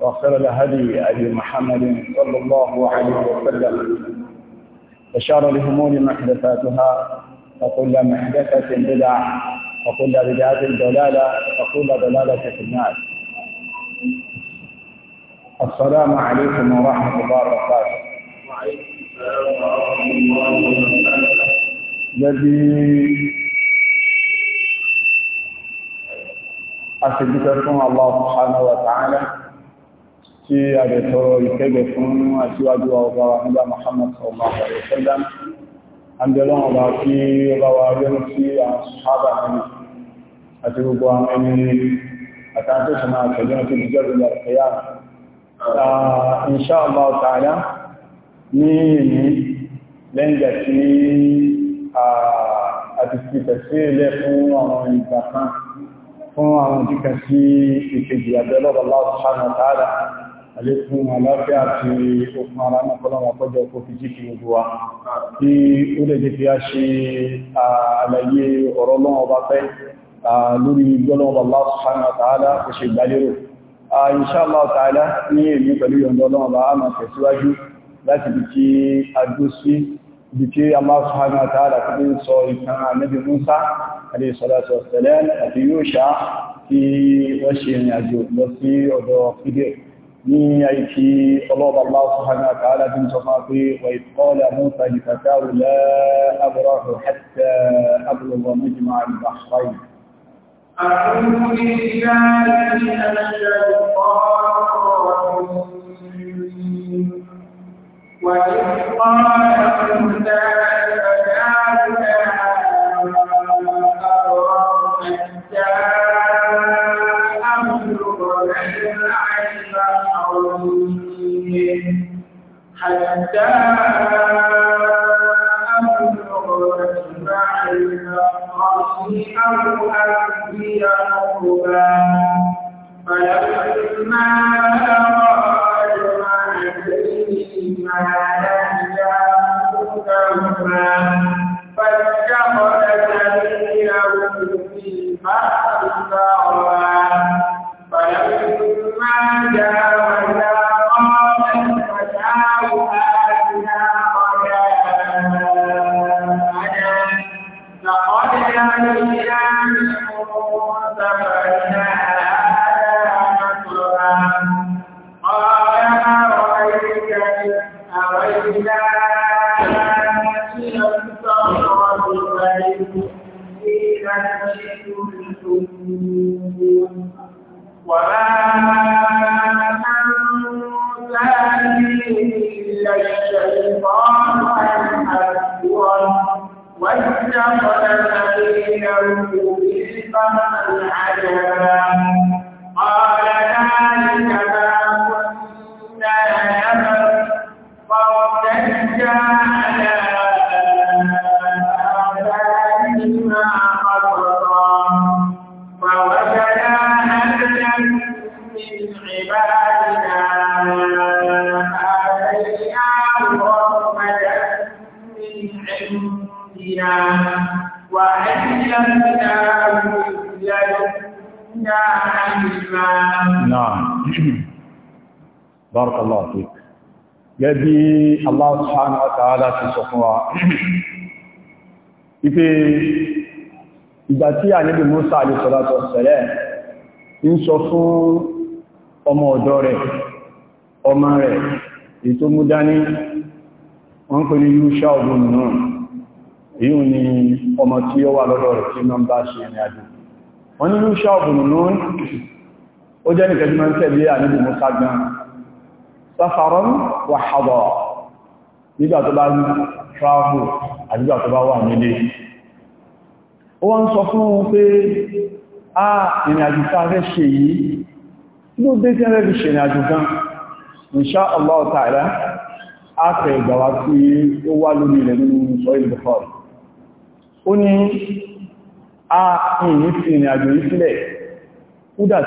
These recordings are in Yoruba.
وخير الهدي أبي محمد صلى الله عليه وسلم وشار الهمون محدثاتها وكل محدثة بدعة وكل بدعة ضلالة وكل ضلالة في النار السلام عليكم ورحمة الله وبركاته وعليكم السلام ورحمة الله وبركاته الذي أثبت لكم الله سبحانه وتعالى tí a lè tọrọ ìkẹ́gbẹ̀ fún aṣíwájú ọba nígbà Muhammad sallallahu alaihi wasallam àndẹ̀lọ́n ọba kí ọba wa yọ́nú sí àwọn ṣáàbà nínú àti gbogbo àwọn ẹni àtàntó sọmọ àtẹ̀jọ́ tó jíjọ́ lórí àtẹ̀yà insha Allah ta'ala ní ìní lẹ́yìnjà tí a ti fi tẹ̀sí ilẹ̀ fún àwọn ìgbà kan fún àwọn ìdíkà sí ìkejì àbẹ́lọ́bà Allah subhanahu wa ta'ala àlékún àlàáfíà àti okun ara náà kọ́lọ́wọ́ pọ́jọ kó fi jí kí gbogbo wa tí ó lè jẹ́ fi a ṣe àlàyé ọ̀rọ̀ lọ́wọ́ bá fẹ́ lórí gbọ́lọ́wọ́ Allah subhanahu wa ta'ala kò ṣe ìgbàlérò insha Allah ta'ala ní èmi pẹ̀lú yọ̀ndọ́ lọ́wọ́ bá àmà tẹ̀síwájú láti bí kí a dúró sí bí kí Allah subhanahu wa ta'ala kí tí wọ́n ṣe ìrìn àjò lọ sí ọ̀dọ̀ fídíò ní àìkí ọlọ́ọ̀bà láwọ́sánà tààlà tí ń sọ máa pé wà ìtọ́lẹ̀ mọ́ta ìfàkáwò lẹ́ agbọ́rọ̀hù hẹ́tẹ́ agbọ́rọ̀hù méjìmá àgbàṣáyì وَإِذْ قَالَ مُوسَى لِفَتَاهُ قومه حتى أبلغ مجمع المقاصد أو أمضي قربا فلما أرى جمعتهما نجا حوتهما فاتخذ سبيله في البحر سربا فلما جاوز Allah subhanahu wa ta'ala ti sọ fún wa ipe ìgbà tí ànábì Musa alayhi salatu wassalam ń sọ fún ọmọ ọ̀dọ́ rẹ̀ ọmọ rẹ̀ ètò mú dání wọ́n pè ní yúṣà ọdún náà èyí ni ọmọ tí ó wà lọ́dọ̀ rẹ̀ tí wọ́n bá ṣe ìrìn àjò wọ́n ní yúṣà ọdún náà ó jẹ́ nìkẹ́jú mọ́ tẹ̀lé ànábì Musa gan safaron wa hadar nígbà tó bá ní travel àdígbà tó bá wà nílé ó wá ń sọ fún wọn pé a ìrìnàjò tá a ṣe yìí ló dé tí ẹrẹ́ fi ṣe ìrìnàjò gan insha Allah ta'ala a tẹ̀ ìgbàwà tí ó wá lórí rẹ̀ nínú sọ ìlúfọ́ọ̀rọ̀ ó ní a ìní fi ìrìnàjò yìí sílẹ̀ kúdà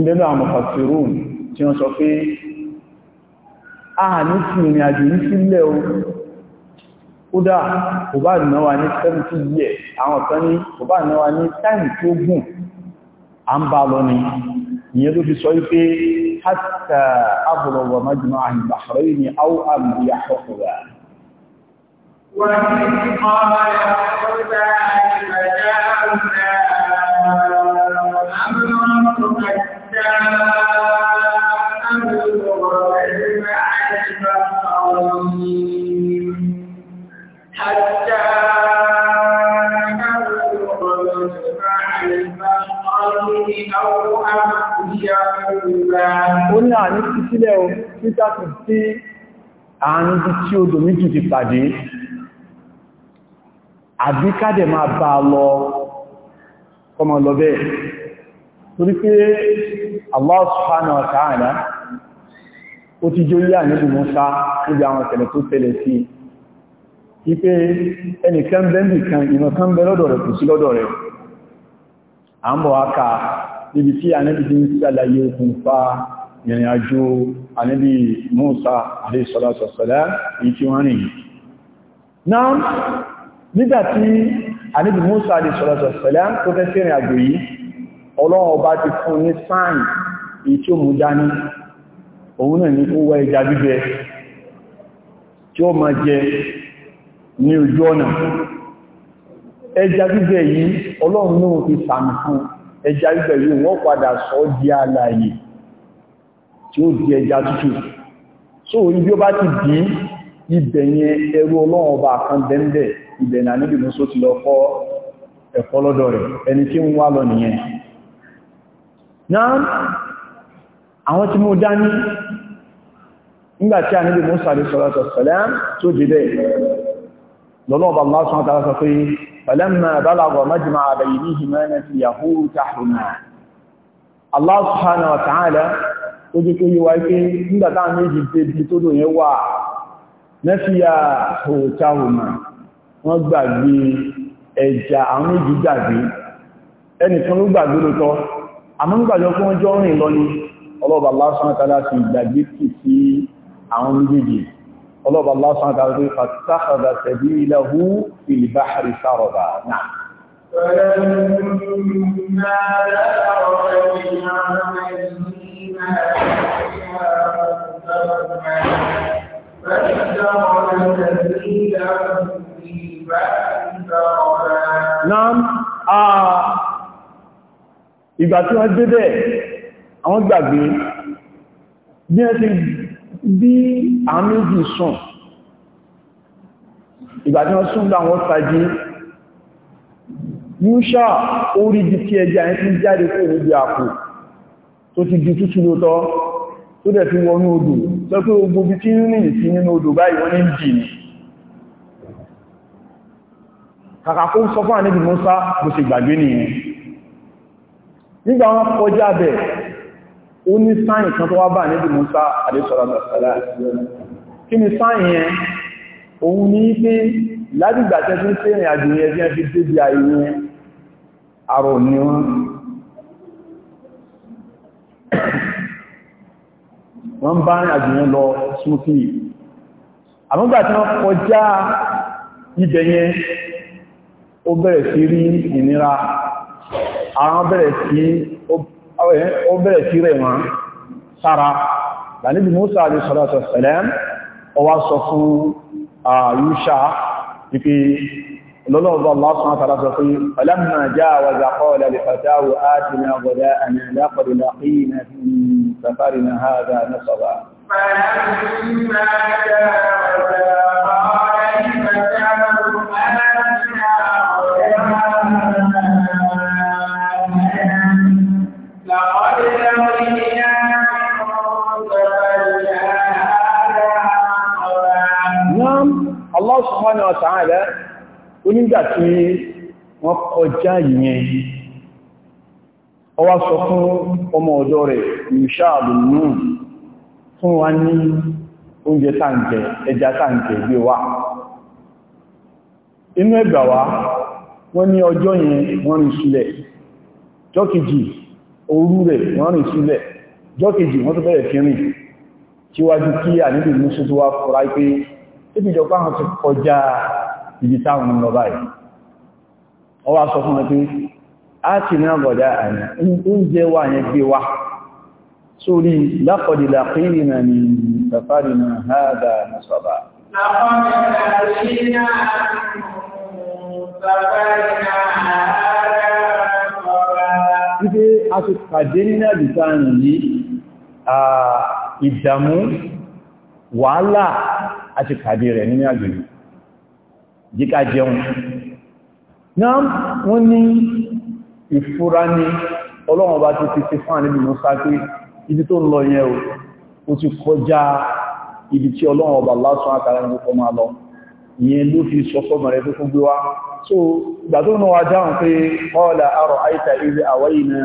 ìbẹ̀lú àwọn fàṣírùn tí wọ́n sọ pé a ní tí ìrìn àjò ní sílẹ̀ o ó dá kò bá náwà ní 70 years àwọn kan ní kò bá náwà ní time tí ó ni ìyẹn náà ní sísílẹ̀ o títà sí sí àárín bí tí odò méjì ti pàdé àbí kádẹ̀ máa bá lọ kọmọ lọ bẹ́ẹ̀ torí pé Allah subhanahu wa ta'ala ó ti jó yà níbi Musa níbi àwọn ìṣẹ̀lẹ̀ tó tẹ̀lẹ̀ sí wípé ẹnìkan bẹ́ndì kan ìmọ̀kan bẹ lọ́dọ̀ rẹ̀ kò sí lọ́dọ̀ rẹ̀ à ń bọ̀ wá níbi tí a níbi tí ń sàlàyé òkùnfà ìrìn àjò ànábì Mùsá alayhi salatu wassalam èyí tí wọ́n rìn náà nígbàtí ànábì Mùsá alayhi salatu wassalam tó fẹ́ sí ìrìn àjò yìí Ọlọ́run ọba ti fún ní sáìn èyí tí ó mú dání òun náà ní ó ẹja gbígbẹ yìí Ọlọ́run náà fi sàmì fún ẹja gbígbẹ yìí wọ́n padà sọ di alààyè tí ó di ẹja tútù so orí bí ó bá ti dì ibẹ̀ yẹn ẹrú ọlọ́run ọba kan bẹ́ńbẹ̀ ibẹ̀ náà níbi mú só ti lọ kọ́ ẹ̀kọ́ lọ́dọ̀ rẹ̀ ẹni tí ń wá lọ nìyẹn náà àwọn tí mo dání nígbàtí a níbi mú sàrí sọ́lọ́tọ̀ sọ́lẹ́ ó jẹ́ kó yí wá pé nígbàtà méjì tẹ́bí tó lò yẹn wà nẹ́fíà òòta òmà wọ́n gbàgbé ẹja àwọn méjì gbàgbé ẹnìkan ló gbàgbé lótọ́ àmọ́ nígbàjọ fún ọjọ́ rìn lọ ni ọlọ́ọ̀bà lásán tàbí fi gbàgbé kì sí Nam ìgbà tí wọ́n gbé bẹ́ẹ̀, àwọn gbàgbé bí ẹ ti bí àmìjì sùn, ìgbà tí wọ́n sùn láwọn tají, Yúṣà orí di tí ẹjẹ́ àyíkí jáde fún ìrìnbí àpò tó ti di tútù lótọ́ tó dẹ̀ fi wọnú odò sọ pé ogun bí tí ní ìsí nínú odò báyìí wọ́n ní jì ní kàkà kó sọ fún àníbì Mùsá bó ṣe gbàgbé nìyẹn nígbà wọn kọjá bẹ̀ ni sáyìn yẹn òun ní pé ládìgbà tẹ́ tí wọ́n bá ń àjìyàn lọ sókè àmúgbà tí wọ́n kọjá ibẹ̀ yẹn ó bẹ̀rẹ̀ sí rí ìnira àwọn bẹ̀rẹ̀ sí ó bẹ̀rẹ̀ sí rẹ̀ wọ́n sára lànìbí Musa alayhi salatu wassalam ó sọ fún àyúṣà لولوز الله سبحانه وتعالى في فلما جاوز قال لفتاه آتنا غداءنا لقد لقينا في سفرنا هذا نصبا فلما جاوز قال لفتاه Allah subhanahu wa ta'ala onígbà wọ́n kọjá ìyẹn ọwá sọ fún ọmọ ọ̀dọ́ rẹ̀ ìṣàbù náà fún wa ní oúnjẹ tàǹkẹ̀ ẹja tàǹkẹ̀ gbé wá inú ẹgbà wá wọ́n ní ọjọ́ yẹn wọ́n rìn sílẹ̀ jọ́kejì òru rẹ̀ wọ́n rìn sílẹ̀ jọ́kejì wọ́n tó bẹ̀rẹ̀ fi rìn tíwájú kí àníbì mú sí tó wá ti kọjá ibi táwọn ń lọ báyìí ọ wá sọ fún wọn pé a ti ní ọgọ̀dá àyà oúnjẹ wà yẹn gbé wá sórí lápọ̀dìlà pínlẹ̀ ní safari na hada na sọba Ibi a ti pàdé nínú àdìta ìdàmú, wàhálà àti pàdé rẹ̀ nínú àgbèrè jíká jẹun náà wọ́n ní ìfúra ní ọlọ́run bá ti ti fún àníbì Mùsá pé ibi tó ń lọ yẹn o ti kọjá ibi tí ọlọ́run ọba lásán àtàrà ń kọ máa lọ ìyẹn ló fi sọ fọ́mọ̀ rẹ̀ fún gbé wá so ìgbà tó náà wá dáhùn pé qala ara'ayta idh awayna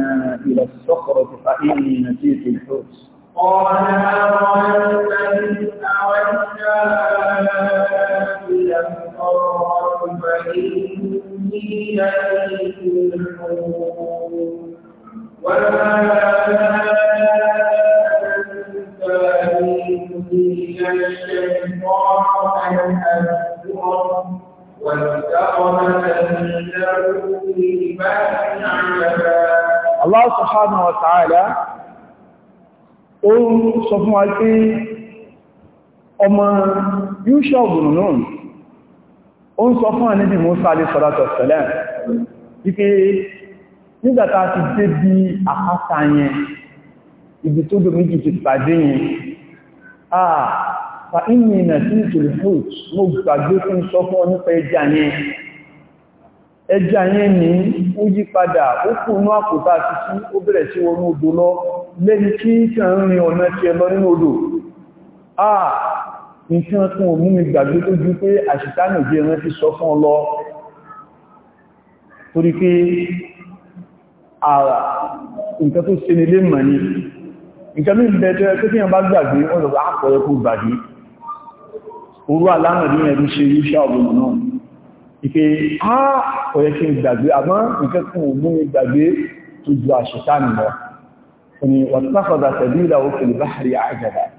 ila as-sakrati fa inni nasitu al-hut قال أرأيت إذ أوينا إلى الله سبحانه وتعالى ó ń sọ fún wa pé ọmọ náà ó ń sọ fún àníbì Mùsá alẹ́ sọ́látọ̀ sẹ̀lẹ̀ wípé nígbàtà ti dé bí àpáta yẹn ibi tó gbé méjì ti pàdé yẹn àà fa inú ìnà sí ìtòlù fruit mo gbàgbé fún sọ fún nípa ẹja yẹn ẹja yẹn ní ó yí padà ó kù ní àpòtà títí ó bẹ̀rẹ̀ sí wọnú odò lọ lẹ́ni kí kàn ń rin ọ̀nà tí ẹ lọ nínú odò iṣẹ́ tún ò mú mi gbàgbé tó jú pé àṣìtánì òjí ẹran fi sọ fún ọlọ torí pé ààrà nǹkan tó ṣe nílé mọ̀ ní nǹkan ní ìbẹ̀tẹ̀ tó fi hàn bá gbàgbé wọ́n lọ àpọ̀rẹ́ ah, kó gbàgbé orú alámọ̀dínyẹ̀ ló ṣe iṣẹ́ ọ̀gbọ̀n náà ìpé ah, àpọ̀rẹ́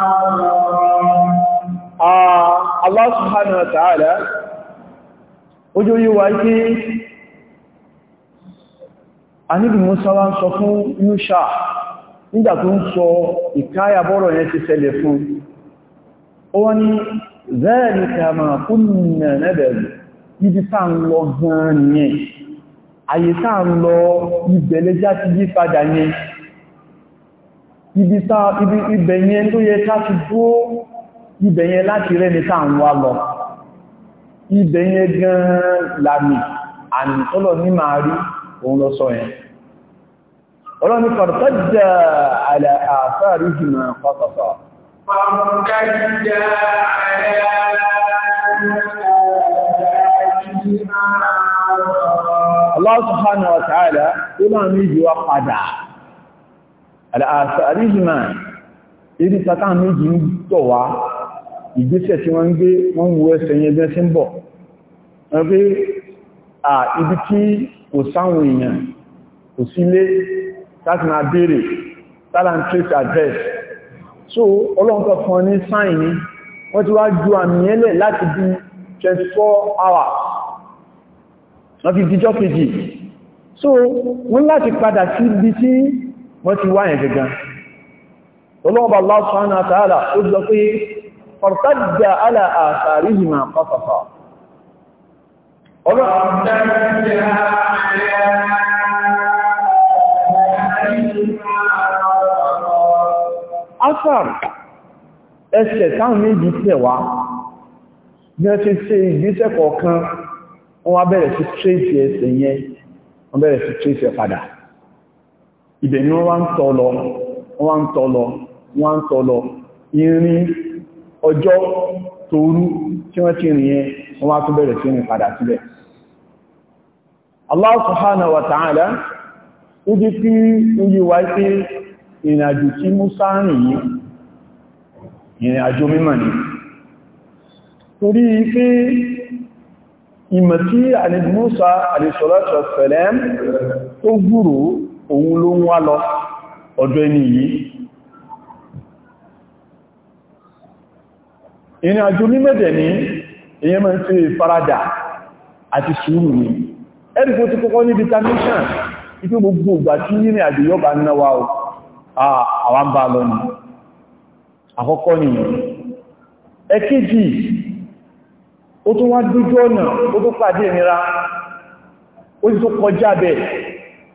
Ah, Allah subhanahu wa ta'ala ojú yíwa kí aníbi Musa wá ń sọ fún nígbà tó ń sọ ìkáyà bọ́rọ̀ yẹn ti fún wọ́n ni zalika ma kunna nabghi níbi tá ń lọ gan-an yẹn àyè tá ń lọ ìbẹ̀lẹ́já ti yí padà yẹn ibi ibẹ̀yẹn tó yẹ ká ti bó ibẹ̀yẹn láti rẹ́ni táà ń wá lọ ibẹ̀yẹn gan-an làmì àmì tọ́lọ̀ ní máa rí òun lọ sọ yẹn ọlọ́ni fàrtàjà àlà àfáàrí jùmọ̀ pàtàkà Allah subhanahu wa ta'ala, ó máa ní ìjọ padà àríjìmá irí tàtà méjì ń tọ̀ wá ìgbésẹ̀ tí wọ́n ń gbé wọ́n wo ẹsẹ̀ yẹn bẹ́ sí ń bọ̀ wọ́n pé à ibi tí kò sáwọn èèyàn kò sílé láti máa béèrè talent trace address so ọlọ́nkọ̀ kan ní sáìn ní wọ́n ti wá ju àmì ẹlẹ̀ láti bí 24 hours wọ́n fi díjọ́ kejì so wọ́n láti padà sí ibi tí wọ́n ti wáyẹ̀ gẹ̀gẹ̀ olóòbà Allah subhanahu wa ta'ala ó jọ pé fartadda ala atharihima qasasa asar ẹsẹ̀ táwọn méjì tẹ̀wá bí wọ́n ti ṣe ìgbésẹ̀ kọ̀ọ̀kan wọ́n wá bẹ̀rẹ̀ sí tréṣì ẹsẹ̀ yẹn wọ́n bẹ̀rẹ̀ sí tréṣì padà ibẹ̀ ni wọ́n ń tọ́lọ wọ́n ń tọ́lọ wọ́n ń tọ́lọ ìrìn ọjọ́ tóorú tí wọ́n ti rìn yẹn wọ́n wá tún bẹ̀rẹ̀ sí rìn padà sílẹ̀ Allah subhanahu wa ta'ala ó jẹ́ kí ó yí wá torí pé ìmọ̀ tí Ànábì Musa tó gbúròó òun ló ń wá lọ ọ̀dọ̀ ẹni yìí ìrìn àjò ní mẹ́jẹ̀ ní èyàn mẹ́ tí faradà àti sùúrù ní ẹ́rìkó ti kọ́kọ́ ní determination ipé gbogbo ìgbà tí ìrìn àjò yọ́ bá náwà àwọn bá lọ ní àkọ́kọ́ ni ẹ̀kejì ó tún wá dójú ọ̀nà ó tó pàdé ìnira ó sì tó kọjá bẹ́ẹ̀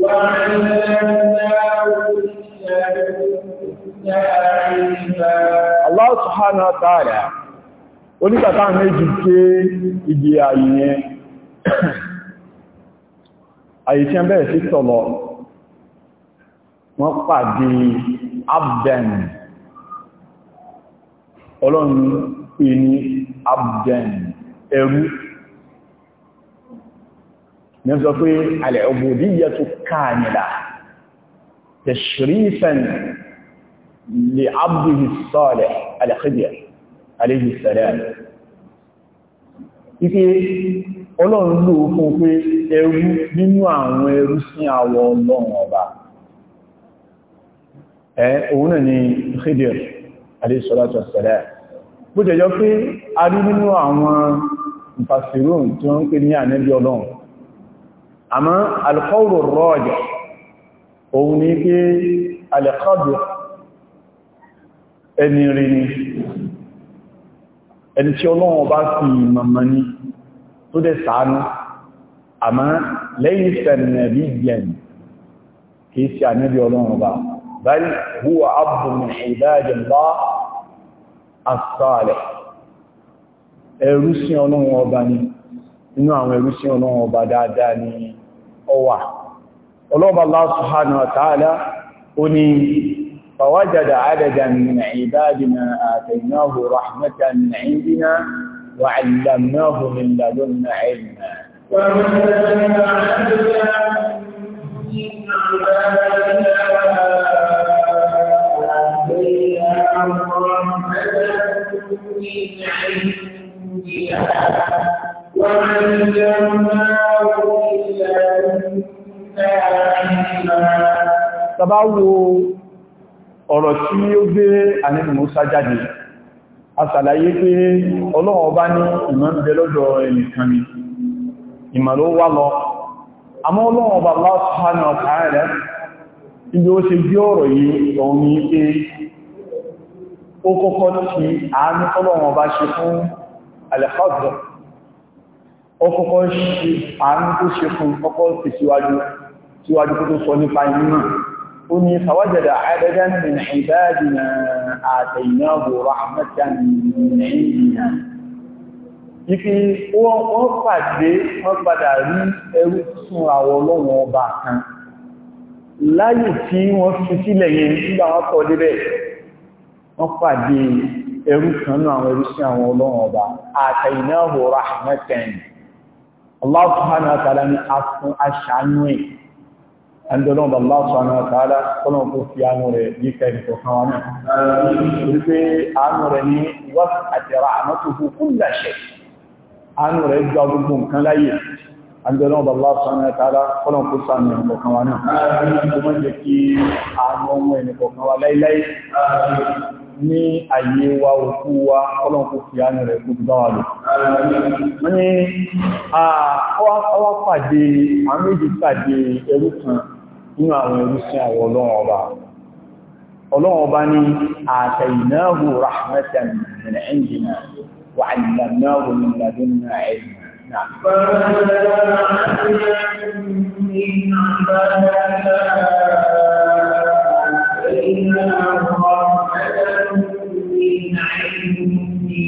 Allah subhanahu wa ta'ala onígbàtà méjì ké ìgbé ààyè yẹn a bẹ̀rẹ̀ sí sọ̀lọ̀ wọ́n pàdé abden ọlọ́run pè ní abden ẹrú ní sọ pé al-ubudiyyatu kamila tashrifan li abdihi salih al-Khidir alayhi salam ipe ọlọ́run ló fún pé ẹrú nínú àwọn ẹrú sí àwọ ọlọ́run ọba ẹ òun náà ni Khidir alayhi salatu wassalam bó jẹjọ pé a rí nínú àwọn ìfàsíròn tí wọ́n ń pè ní ànẹ́bí ọlọ́run àmọ́ alkọ́rò rọ́ọ̀jọ̀ òun ní pé alẹ́kọ́bù ẹni rí ni ẹni tí ọlọ́run bá fi mọ̀mọ̀ ní tó dẹ̀ ṣàánú àmọ́ lẹ́yìn sẹ̀rẹ̀nẹ̀bí yẹn kìí sí àníbí ọlọ́run bá bal huwa abdun min ni inú àwọn ẹrú ọlọ́run ọba dáadáa ni ọwà ọlọ́ọ̀bà Allah subhanahu wa ta'ala ó ní fawajada adadan min ibadina atainahu rahmatan min indina wa 'allamnahu min ladunna 'ilma وَمَا Tàbá wo ọ̀rọ̀ tí ó gbé àníbì Musa jáde, a ṣàlàyé pé Ọlọ́run Ọba ní ìmọ̀ ń bẹ lọ́dọ̀ ẹnìkan ni, ìmọ̀ ló wá lọ. Àmọ́ Ọlọ́run Ọba lọ́sánà ọ̀tàrẹ, ibi ó ṣe ó ṣe ọkọ̀kọ́ ṣe àánú tó ṣe fún ọkọ̀ sí síwájú síwájú tó tó sọ nípa ìmú ó ní sàwájẹ̀dà àádẹ́gán min ibadina atainahu rahmatan min indina ipi wọ́n pàdé wọ́n padà rí ẹrú fún àwọ̀ ọlọ́wọ̀n ọba kan láyé tí wọ́n fi sílẹ̀ yẹn nígbà wọ́n kọ́ débẹ̀ wọ́n pàdé Allah subhanahu wa ta'ala ni a fún aṣàánú ẹ̀. Ẹndọ́lọ́dọ̀ Allah subhanahu wa ta'ala kọ́nà kó fi àánú rẹ̀ yí ká ìfẹ́ kan wa náà. Wípé àánú rẹ̀ ní wọ́n àti ra àmọ́tòkú kulla shay. Àánú rẹ̀ gba gbogbo nǹkan láyé. Ẹndọ́lọ́dọ̀ Allah ní àyè wa òkú wa ọlọ́nkú fi ánì rẹ̀ kú bá wà lò. wọ́n ní àwọ́ pàdé àwọn méjì pàdé ẹrú kan nínú àwọn ẹrú sí àwọn ọlọ́run ọba ọlọ́run ọba ní àtẹ̀yìnáhù rahmatan min indina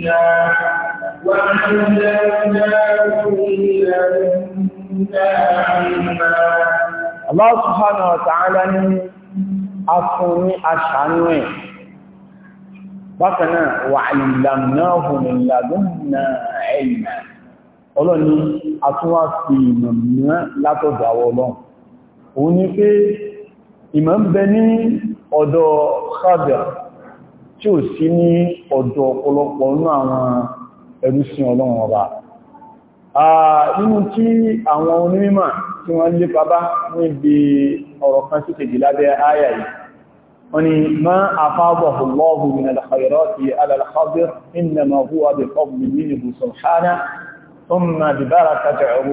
فيها وعلمناهم لنا علما الله سبحانه وتعالى أصني أشعنوه bákaná wa'allamnahu min ladunna ilma ọlọ́ni a tún wá sí ìmọ̀ mìíràn látọ̀dọ̀ àwọn ọlọ́run òun ni pé ìmọ̀ ń bẹ ní ọ̀dọ̀ Khadir tí ò sí ní ọ̀dọ̀ ọ̀pọ̀lọpọ̀ nínú àwọn ẹrúsìn ọlọ́run ọba. Nínú tí àwọn onímọ̀ tí wọ́n lé pàbá níbi ọ̀rọ̀ kan sí kejì lábẹ́ ayà yìí, wọ́n ni ma afadahu Allahu min al-khayrati ala al-khadir innama huwa bi fadli minhu subhana thumma bi barakati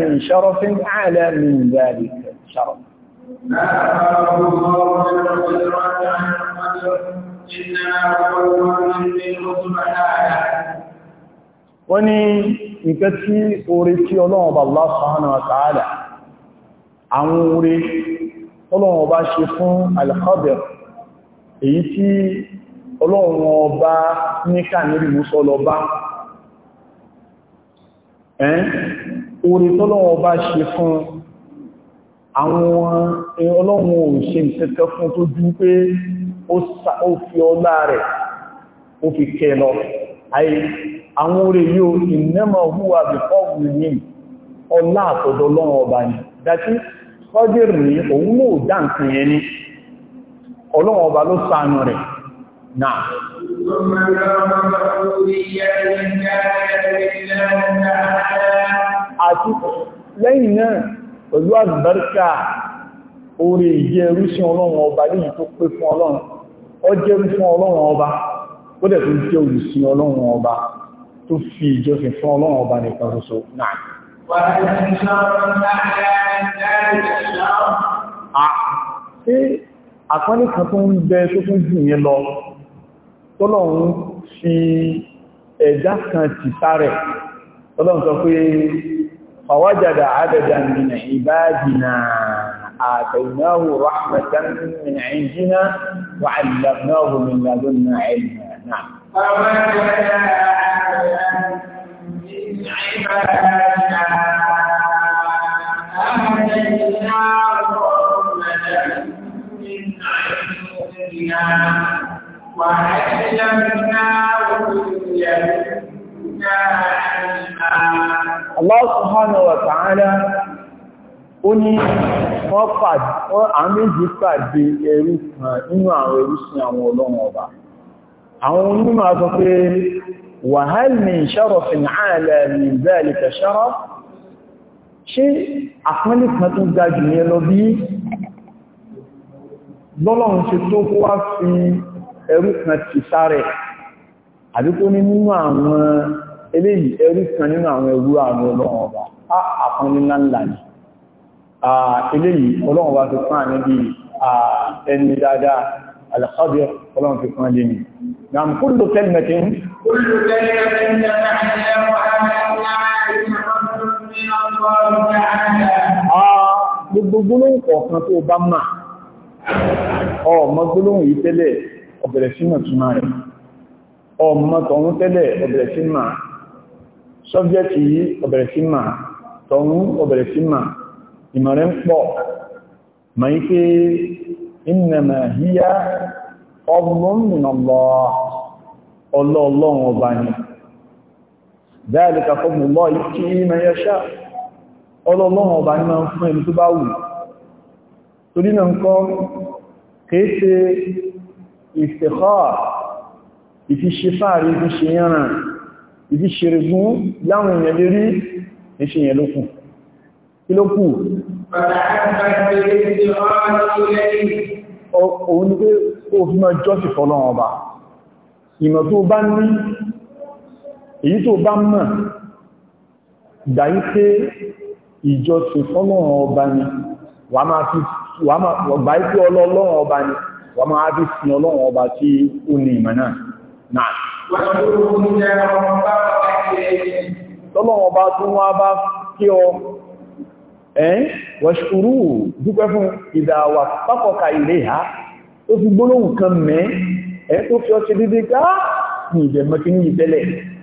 min sharafin a'la min لا أخاف الله بالغفران عن القدر إنما قوم منه سبحانه wọ́n ní nǹkan tí orí tí ọlọ́run ọba Allah subhanahu wa ta'ala àwọn orí ọlọ́run ọba ṣe fún al-Khadir èyí tí ọlọ́run ọba níkà níbi Mùsá lọ orí tọ́lọ́run ṣe fún àwọn eh, ọlọ́run ò ṣe ìṣẹ́kẹ́ fún tó jú pé ó fi ọlá rẹ̀ ó fi kẹ lọ ayé àwọn orí yóò ìnẹ́mọ̀ húwà bí fọ́ọ̀mù ní ọlá àtọ̀dọ̀ ọlọ́run ọba ni dájí kọ́dìrì ní òun mò dáǹkan yẹn ní ọba ló ṣàánú rẹ̀ náà lẹ́yìn náà pẹ̀lú àlùbáríkà orí ìjẹ́ ẹrúṣin ọlọ́run ọba léyìí tó pé fún ọlọ́run ọ jẹ́ fún ọlọ́run ọba ó dẹ̀ tó jẹ́ olùsìn ọlọ́run ọba tó fi ìjọsìn fún ọlọ́run ọba nìkan ṣoṣo náà Ṣé àkọ́lé kan tó ń bẹ tó tún jù yẹn lọ tọ́lọ̀run fi ẹ̀dá kan tìta rẹ̀ tọ́lọ̀run sọ pé فوجد عددا من عبادنا آتيناه رحمة من عندنا وعلمناه من لدنا علما نعم وعلمناه من لدنا Allah subhanahu wa ta'ala ó ní wọ́n pàdé àwọn méjì pàdé ẹrú kan nínú àwọn ẹrúsìn àwọn ọlọ́run ọba àwọn onímọ̀ sọ pé wa hal min sharafin a'la min dhalika fi ẹrú kan ti ní nínú àwọn eléyìí ẹrí kan nínú àwọn ẹrú àrùn ọlọ́run ọba á àkànní ńláńlá ni eléyìí ọlọ́run ọba ti fún àní bí ẹni dáadáa alẹ́kọ́bíọ́ ọlọ́run fi fún àdé ni nam kúlù kẹ́lìmẹ̀tì ń kúlù kẹ́lìmẹ̀tì gbogbo gbólóhùn kọ̀ọ̀kan ọmọ gbólóhùn yìí tẹ́lẹ̀ ọ̀bẹ̀rẹ̀ sínú ọ̀túnmá rẹ̀ ọmọ tọ̀hún tẹ́lẹ̀ ọ̀bẹ̀rẹ̀ sínú sọ́bjẹ́tì yìí ọ̀bẹ̀rẹ̀ sí máa tọ̀rún ọ̀bẹ̀rẹ̀ sí máa ìmọ̀rẹ́ ń pọ̀ ma ń pé ìnàmà híyá ọmọmìnàlọ́ ọlọ́ọ̀lọ́run ọba ni dáadìka fọ́bùn lọ́ ikí ìmọ̀ yẹṣá ọlọ́ọ̀lọ́run ọba ni máa ń fún ẹni tó bá ìfiṣẹ́fà rí fi ṣe yánràn ìdí ṣeré fún láwọn èèyàn lè rí ẹṣẹ́ yẹn ló kù kí ló kù òun ni pé ó fi máa jọ́sì fọ́lọ́wọ́n ọba ìmọ̀ tó bá ní èyí tó bá mọ̀ gbáyí pé ìjọsì fọ́lọ́wọ́n ọba ni wà máa fi gbáyí pé ọlọ́lọ́wọ́n ọba ni wà máa fi sin ọlọ́wọ́n ọba tí ó ní ìmọ̀ náà náà. Tọ́lọ́wọ́ bá tún wá bá kí ọ ẹ́n wọ̀ṣùrú dúpẹ́ fún ìdàwà pápọ̀ka ilé ha tó fi gbólóhùn kan mẹ́ ẹ́ tó fi ọṣẹ́ dídé ká ní ìjẹ̀mọ́ kí ní ìtẹ́lẹ̀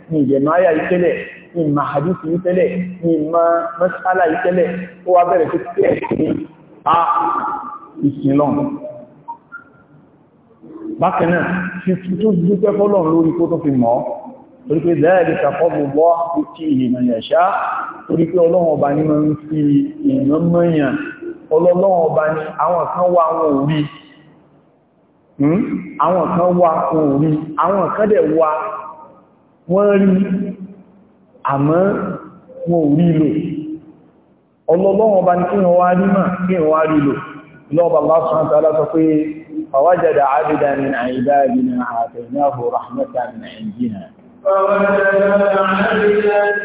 ní ìjẹ̀mọ́ ayà ìtẹ́lẹ̀ ní ìmọ̀ àdísì ìtẹ́lẹ̀ ní ìmọ̀ mọ́sálà ìtẹ́lẹ̀ ó wá bẹ̀rẹ̀ tó tẹ́ bákan náà fi tó dúpẹ́ fọ́lọ̀ lórí kó tó fi mọ́ torí pé lẹ́ẹ̀lì kàfọ́bù bọ́ tí ìhìnà yẹ̀ṣá torí pé ọlọ́run ọba ní máa ń fi èèyàn mọ́yàn ọlọ́run ọba ní àwọn kan wá wọn ò rí hmm? àwọn kan wá wọn ò rí àwọn kan dẹ̀ wá wọ́n rí àmọ́ wọn ò rí lò ọlọ́run ọba ní kí wọ́n wá rí mà kí wọ́n wá rí pé فوجد عبدا من عبادنا آتيناه رحمة من عندنا فوجد عبدا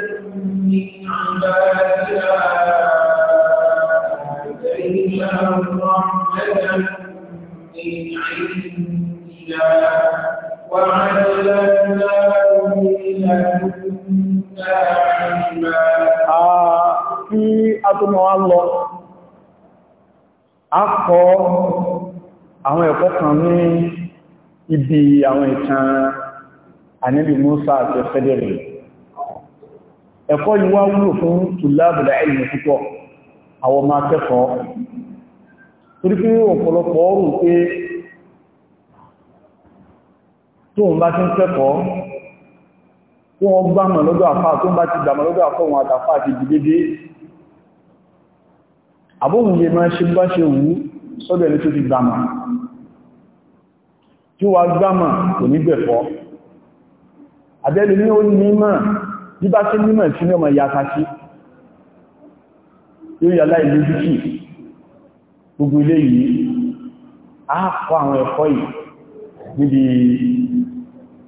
من عبادنا آتيناه رحمة من عندنا وعلمناه من لدنا علما في أطمع الله akọ àwọn ẹ̀kọ́ kan ní ibi àwọn ìtàn àníbì Musa àti ẹ̀fẹ́dẹ̀rẹ̀ ẹ̀kọ́ yìí wá wúlò fún tùlábùdà ẹ̀lùmí púpọ̀ àwọn ọmọ akẹ́kọ̀ọ́ torí pé ọ̀pọ̀lọpọ̀ ọrùn pé tóun bá ti ń kẹ́kọ̀ọ́ tí wọ́n gbámọ̀ lọ́dọ̀ àfá lọ́dọ̀ tí wà gbámà kò ní gbẹ̀fọ́. Àbẹ́lú ní ó nímọ̀, bí bá tí nímọ̀ tí ní ọmọ yàtà sí, yóò yà láì lójúkì, gbogbo ilé yìí, a kọ́ àwọn ẹ̀kọ́ yìí níbi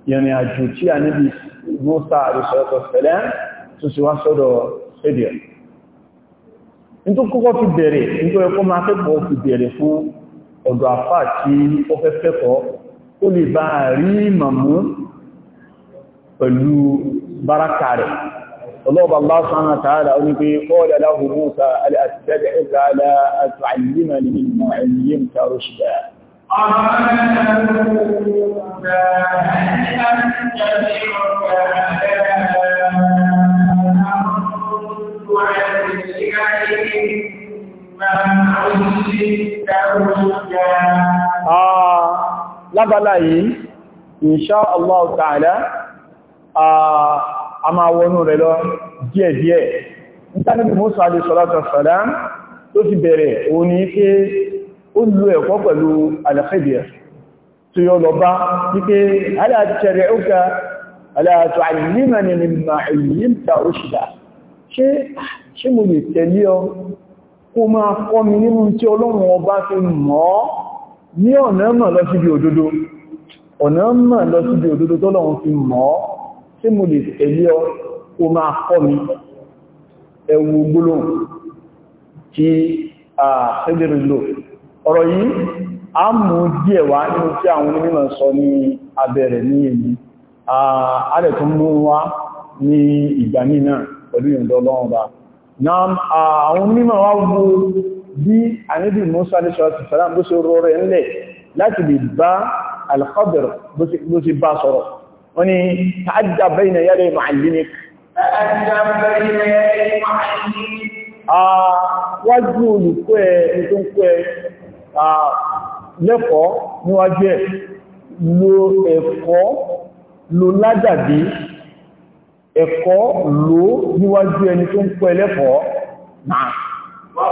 ìrìn àjò tí a níbi Mọ́sá àrísọ́ọ̀tọ̀ tẹ̀lẹ́ tó sì wá sọ́dọ̀ Ṣẹ́dìẹ̀. Ní tó kọ́kọ́ fi bẹ̀rẹ̀, ní tó ẹkọ́ máa kẹ́kọ̀ọ́ fi bẹ̀rẹ̀ fún ọ̀dọ̀ tí ó fẹ́ fẹ́kọ̀ọ́ ó lè bá rí màmú pẹ̀lú báraka rẹ̀ ọlọ́ọ̀bà bá sánà tààdà ó ní pé kọ́ọ̀dà láhù mọ́ta alẹ́tẹ́dẹ̀ ìkàlá àtàlímà ní ìmọ̀ ẹ̀yìn tààrù ṣìdá Ah lábálá yìí insha Allah ta'ala a máa wọnú rẹ̀ lọ díẹ̀díẹ̀ nítàbí Musa alayhi salatu wassalam tó fi bẹ̀rẹ̀ òun ni pé ó lú ẹ̀kọ́ pẹ̀lú al-Khidir tí yóò lọ bá wípé ala tari'uka ala tu'allimani mimma 'allamta rushda ṣe mo lè tẹ̀lé ọ kó máa ní ọ̀nà mọ̀ lọ síbi òdodo ọ̀nà mọ̀ lọ síbi òdodo tó lọ́wọ́n fi mọ́ tí mo lè tẹ̀lé ọ kó máa kọ́ mi ẹwù gbólóhùn tí a ṣẹ́bẹ̀rẹ̀ lò ọ̀rọ̀ yìí a mú díẹ̀ wá nínú tí àwọn onímọ̀ sọ ní bí àníbì Musa ní ṣọ́ọ̀tì sọ́lá bó ṣe rọrẹ ńlẹ̀ láti lè bá alkọ́bẹ̀rẹ̀ bó ṣe bá sọ̀rọ̀ wọ́n ni tààjà bẹ́yìn yẹ́rẹ̀ ma'allinik wájú olùkọ́ ẹ̀ tó ń kọ́ ẹ̀ lẹ́kọ̀ọ́ níwájú ẹ̀ lo ẹ̀kọ́ lo ládàbí níwájú ẹni tó ń kọ́ ẹ̀ náà Tó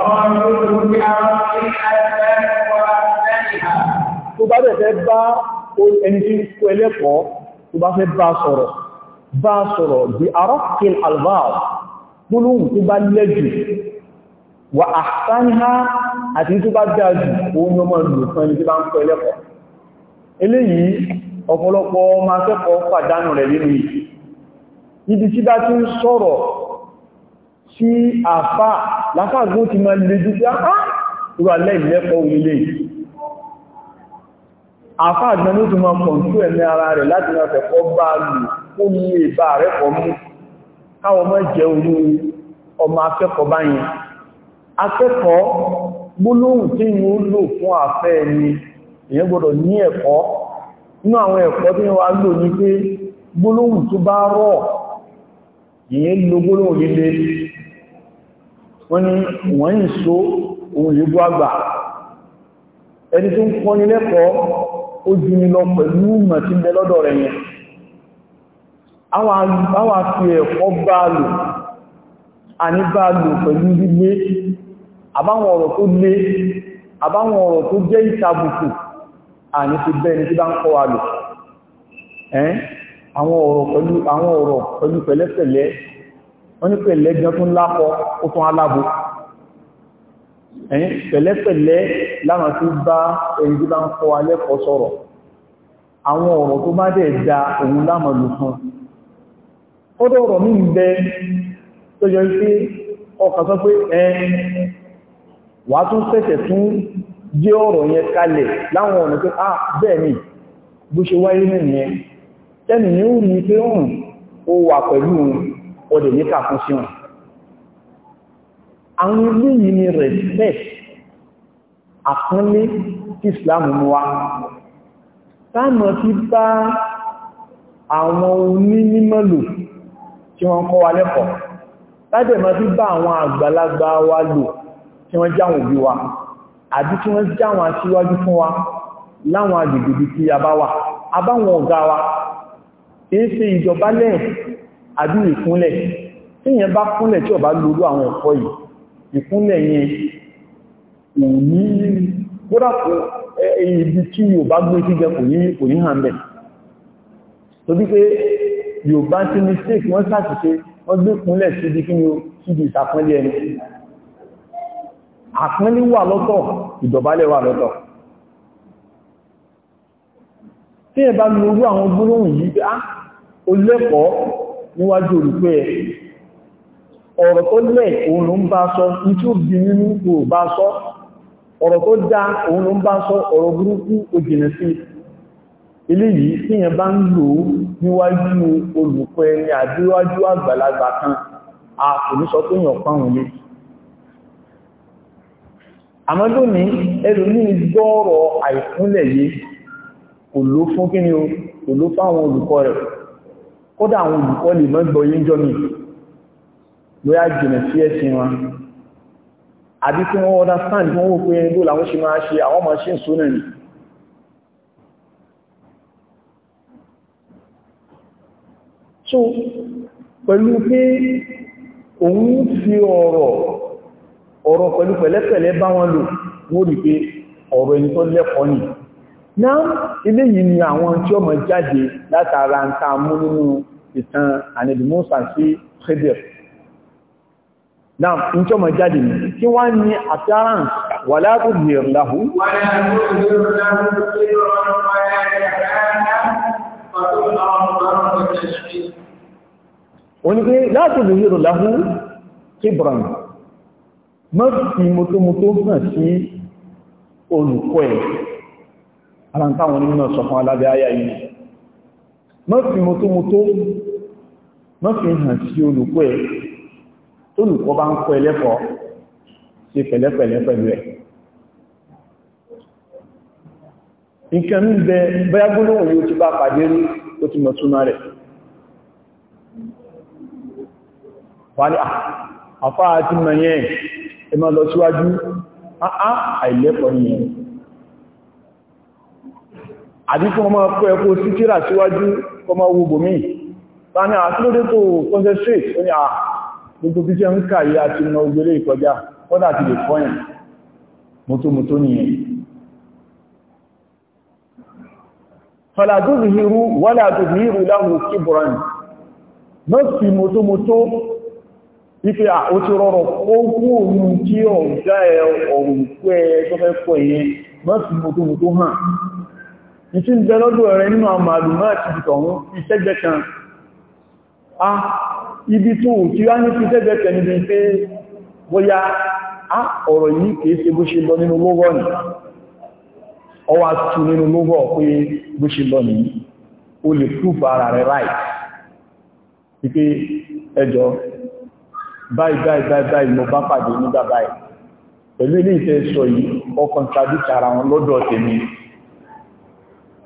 bá fẹ́ bá ẹni tí kó ẹlẹ́kọ̀ọ́, tó bá fẹ́ bá sọ̀rọ̀, bá sọ̀rọ̀ bí arọ́kìl albáà, gbólóhùn tó bá lẹ́jù, wà àtàníhá àti tó bá dájù, òun yọ mọ́ tí bá ń kó ẹlẹ́kọ̀ọ́. Eléyìí, láfáàgún ti máa lè jú ah, ah, sí àpá ìwà lẹ́ìlẹ́pọ̀ orílẹ̀ àfáàgbẹ́ ló ti máa kọ̀ntú ẹ̀mí ara rẹ̀ láti máa fẹ̀kọ́ bá lù kó ní ìbá rẹ̀ pọ̀ mú káwọn mọ́ jẹ́ olú ọmọ akẹ́kọ̀ọ́ báyìí akẹ́kọ̀ọ́ gbólóhùn tí ń lò fún àfẹ́ ẹni èyàn gbọ́dọ̀ ní ẹ̀kọ́ inú àwọn ẹ̀kọ́ tí wọ́n lò ní pé gbólóhùn tó bá rọ̀ èyàn lo gbólóhùn líle wọ́n ni wọ́n ń so ohun yóò àgbà ẹni tó ń kọ́ni lẹ́kọ̀ọ́ ó jù ní lọ pẹ̀lú mọ̀ tí bẹ lọ́dọ̀ rẹ̀ yẹn àwa fi ẹ̀kọ́ bá lò àní bá lò pẹ̀lú gbígbé àbáwọn ọ̀rọ̀ tó lé àbáwọn ọ̀rọ̀ tó jẹ́ ìtàbùkù àní ti bẹ́ẹ̀ ni tí bá ń kọ́ wa lò àwọn ọ̀rọ̀ pẹ̀lú pẹ̀lẹ́pẹ̀lẹ́ wọ́n ní pẹ̀lẹ́ gan tún lápọ̀ ó tún alábo ẹ̀yìn pẹ̀lẹ́pẹ̀lẹ́ láwọn tí bá ẹni tí bá ń kọ́ alẹ́kọ̀ọ́ sọ̀rọ̀ àwọn ọ̀rọ̀ tó bá dẹ̀ da òun lámọ̀ lò fún ọdọ̀ ọ̀rọ̀ mí bẹ tó yọ pé ọkà sọ pé ẹ wà tún sẹ̀sẹ̀ ah, hmm, ó wà pẹ̀lú ó lè níkà fún sí wọn àwọn ilé yìí ni respect àpọ́nlé tí Islam mú wa táàmà tí bá àwọn onímọ̀ lò tí wọ́n kọ́ wa lẹ́kọ̀ọ́ láti ma fi bá àwọn àgbàlagbà wa lò tí wọ́n jáwọn òbí wa àbí tí wọ́n jáwọn aṣíwájú fún wa láwọn agbègbè tí a bá wà abáwọn ọ̀gá wa kìí ṣe ìjọba àbí ìkúnlẹ̀ tí yẹn bá kúnlẹ̀ tí ó bá lórú àwọn ẹ̀kọ́ yìí ìkúnlẹ̀ yẹn kò ní kódàpò ibi tí Yorùbá gbé sí jẹ kò ní hàn bẹ̀ tó bí pé Yorùbá ti mistake wọ́n sàtìṣe wọ́n gbé kúnlẹ̀ síbi kí ni ó síbi ìsàpẹ́lẹ̀ ẹni àpínlẹ̀ wà lọ́tọ̀ ìdọ̀bálẹ̀ wà lọ́tọ̀ tí níwájú olùpẹ́ ẹ̀ ọ̀rọ̀ tó lẹ̀ òun ló ń bá sọ ìtú bí nínú kò bá sọ ọ̀rọ̀ tó dá òun ló ń bá sọ ọ̀rọ̀ burúkú òjìnà sí eléyìí tíyàn bá ń lò níwájú olùpẹ́ ní àdíwájú àgbàlagbà kan a kò ní sọ pé yàn pàwọn lé àmọ́dó ní ẹlòmíì gbọ́ọ̀rọ̀ àìkúnlẹ̀ yìí kò ló fún kíni o kò ló fáwọn olùkọ́ rẹ̀ kódà àwọn olùkọ́ lè mọ́ gbọ́ yí ń jọ mi lóyá jìnà sí ẹ̀sìn wọn àbí tí wọ́n ọdá stand wọ́n wó pé ló làwọn ṣe máa ṣe àwọn máa ṣe ń súnà ní so pẹ̀lú pé òun fi ọ̀rọ̀ ọ̀rọ̀ pẹ̀lú pẹ̀lẹ́pẹ̀lẹ́ bá wọn lò wó rí pé ọ̀rọ̀ ẹni tó lẹ́kọ̀ọ́ nìí náà ilé yìí ni àwọn tí ó mọ̀ jáde látara ń ta mú nínú ìtàn ànìdìmọ́sà sí Khidir náà ń tí ó mọ̀ jáde ní kí wá ní appearance wà látòdì ìrìnláhù onígbé látòdì ìrìnláhù kíbràn mọ́ sí mọ́tọ́mọ́tọ́ hàn sí olùkọ́ ẹ̀ ara ń táwọn onímọ̀ sọ fún alábẹ́ ayá yìí mọ́fí mọ́tómọ́tó mọ́fí hàn sí olùkọ́ ẹ̀ olùkọ́ bá ń kọ́ ẹlẹ́kọ́ sí pẹ̀lẹ́pẹ̀lẹ́ pẹ̀lú ẹ̀ nǹkan ń bẹ bóyá gbólóhùn yóò ti bá pàdé rí ó ti mọ̀túnmá rẹ̀ wà ní àfáà àbí kí wọ́n máa kọ́ ẹkọ́ sí tíra síwájú kọ máa wùgbò mí láàrin àtúlódé tó concentrate ó ní à gbogbo bí jẹ́ ń kàyí àti ìnà ògbèrè ìkọjá ọ́dá ti lè fọ́yìn mútómútó nìyẹn fàlà tó fi hìrú wọ́lá tó fi hìrú láhùn kí bọ̀rán náà fi mútómútó ife ó ìtí ń jẹ lọ́dọ̀ rẹ nínú àmàlùmọ́ àti ìtọ̀wọ́n ìṣẹ́gbẹ́ kan a ibi tí ó kí wá ní fi ṣẹ́gbẹ́ kan níbi pé bóyá a ọ̀rọ̀ yìí kìí ṣe bó ṣe lọ nínú lọ́wọ́ ni ọwá tú nínú lọ́wọ́ pé bó ṣe lọ nìí o lè prúfà ara rẹ̀ ráì pípé ẹjọ́ báyìí báyìí báyìí báyìí mo bá pàdé nígbà báyìí pẹ̀lú ilé ìfẹ́ sọ yìí ọkàn tàbí tara wọn lọ́dọ̀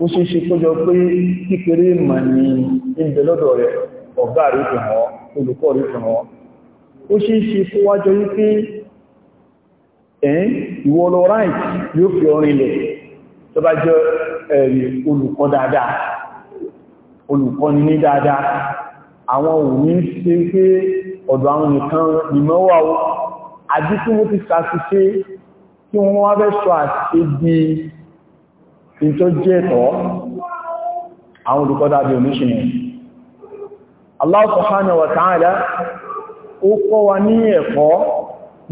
ó ṣe ṣe kójọ pé kékeré ìmọ̀ ni ìbẹ̀ lọ́dọ̀ rẹ̀ ọ̀gá rí fi hàn olùkọ́ rí fi hàn ó ṣe ṣe kó wájọ wípé ẹ̀yìn ìwọ lọ ráìtì yóò fi ọrin lẹ̀ tó bá jẹ́ ẹ̀rì olùkọ́ dáadáa olùkọ́ ni ní dáadáa àwọn òní ṣe pé ọ̀dọ̀ àwọn nìkan ìmọ́wà àdíkú mo ti ṣàṣìṣe kí wọ́n wá fẹ́ sọ àṣìṣe in tó jẹ́ ẹ̀tọ́ àwọn olùkọ́ dábí oníṣìnà Allah subhanahu wa ta'ala ó kọ́ wa ní ẹ̀kọ́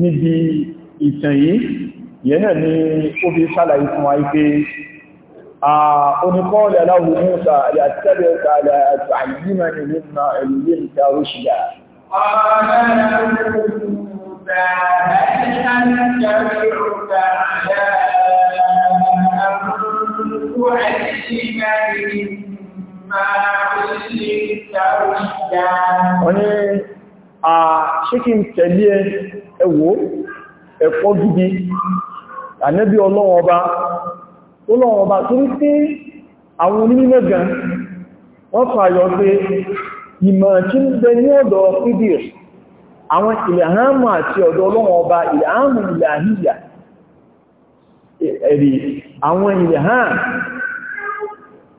níbi ìtàn yìí yẹ́nà ni ó fi ṣàlàyé fún wa ipé oníkọ́ọ̀lẹ̀ aláwò Musa àtẹ́bẹ̀ẹ́ta àtàyímẹ́ni nínú ẹ̀lúlé ìta wọ́n ní à ṣé kí n tẹ̀lé ẹwò ẹ̀kọ́ gidi ànẹ́bí ọlọ́wọ́ ọba ọlọ́wọ́ ọba tó rí pé àwọn onímọ̀ gan wọ́n fàyọ pé ìmọ̀ tí ń bẹ ní ọ̀dọ̀ fídíò àwọn ìlàhámà àti ọ̀dọ̀ ọlọ́wọ́ ọba ìlàhámà ìlàhíyà àwọn ìlẹ̀hàn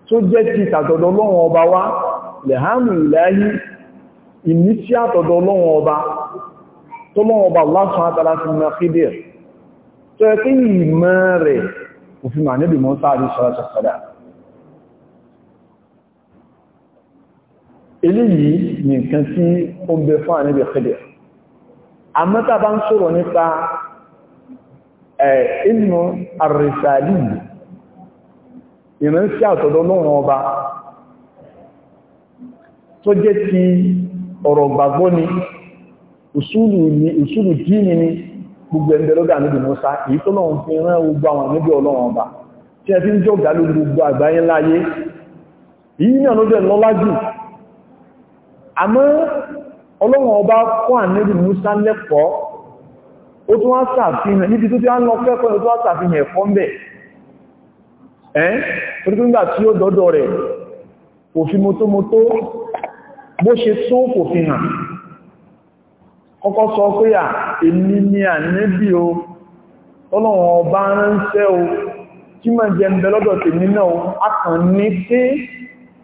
tó jẹ́ ti tàtọ̀dọ̀ lọ́wọ́ ọba wá lẹ̀hàmù ìlàáyí ìmísí àtọ̀dọ̀ lọ́wọ́ ọba tó lọ́wọ́ ọba lásán àtàrà sí mẹ́kídẹ̀ tó ẹ kí ìmọ̀ rẹ̀ òfin mà níbi mọ́ sáàrí sọ́rọ̀sọ̀sọ̀dá inú àrìsàlì ìrìnṣẹ́ àtọ̀dọ̀ lọ́rùn ọba tó jẹ́ ti ọ̀rọ̀ gbàgbọ́ ni ìṣúlù dínì ni gbogbo ẹ̀ndẹ̀ níbi Mùsá èyí tó lọ́run fi rán níbi ọlọ́run ọba tí àmọ́ ọlọ́run ọba ó tún wá sàfihàn níbi tó tí a ń lọ kẹ́kọ̀ọ́ tó wá sàfihàn ẹ̀fọ́ ń bẹ̀ ẹ́ torípínlá tí ó dọ́dọ̀ rẹ̀ kò fi mọ́tómọ́tó bó ṣe sún kò fi hàn kọ́kọ́ sọ pé à èmi ni à níbi o tọ́lọ̀wọ̀n ọba ránṣẹ́ o kí mọ̀ jẹ ǹbẹ̀ lọ́dọ̀ tèmi náà a kàn ní sí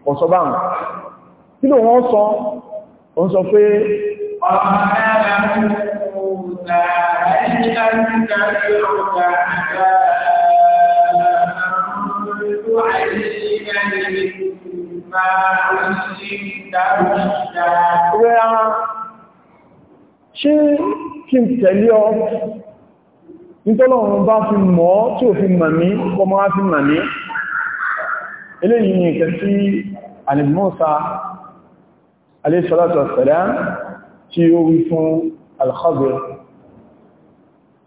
ọ̀sọ́bàrùn kí lò wọ́n sọ Rẹ́ra, ṣé kí n tẹ̀lé ọ nítọ́lọ̀run bá fi mọ́ tí ò fi mọ̀ mí kọmọ́ á fi mọ̀ mí eléyìí ni ìkẹ́ sí alìmọ́sá aléṣọ́lọ́tọ̀ sẹ̀dá tí ó wí fún alkhazir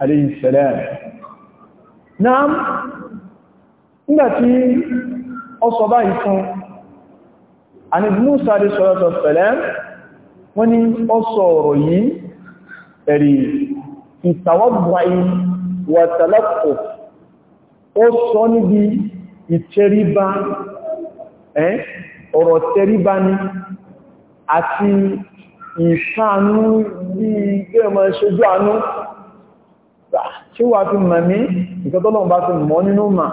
alayhi salam náà nígbàtí ó sọ báyìí fún ànábì Mùsá alayhi salatu wassalam wọ́n ni ó sọ ọ̀rọ̀ yìí ẹ̀rì ìtàwọ́gbàáyí wà tàlápọ̀ ó sọ níbi ìtẹríba ọ̀rọ̀ tẹríba ni àti ìṣàánú bí gẹ́ẹ̀mọ̀ ṣe wà fi mọ̀ mí nǹkan tó lọ́wọ́ bá ti mọ̀ nínú mà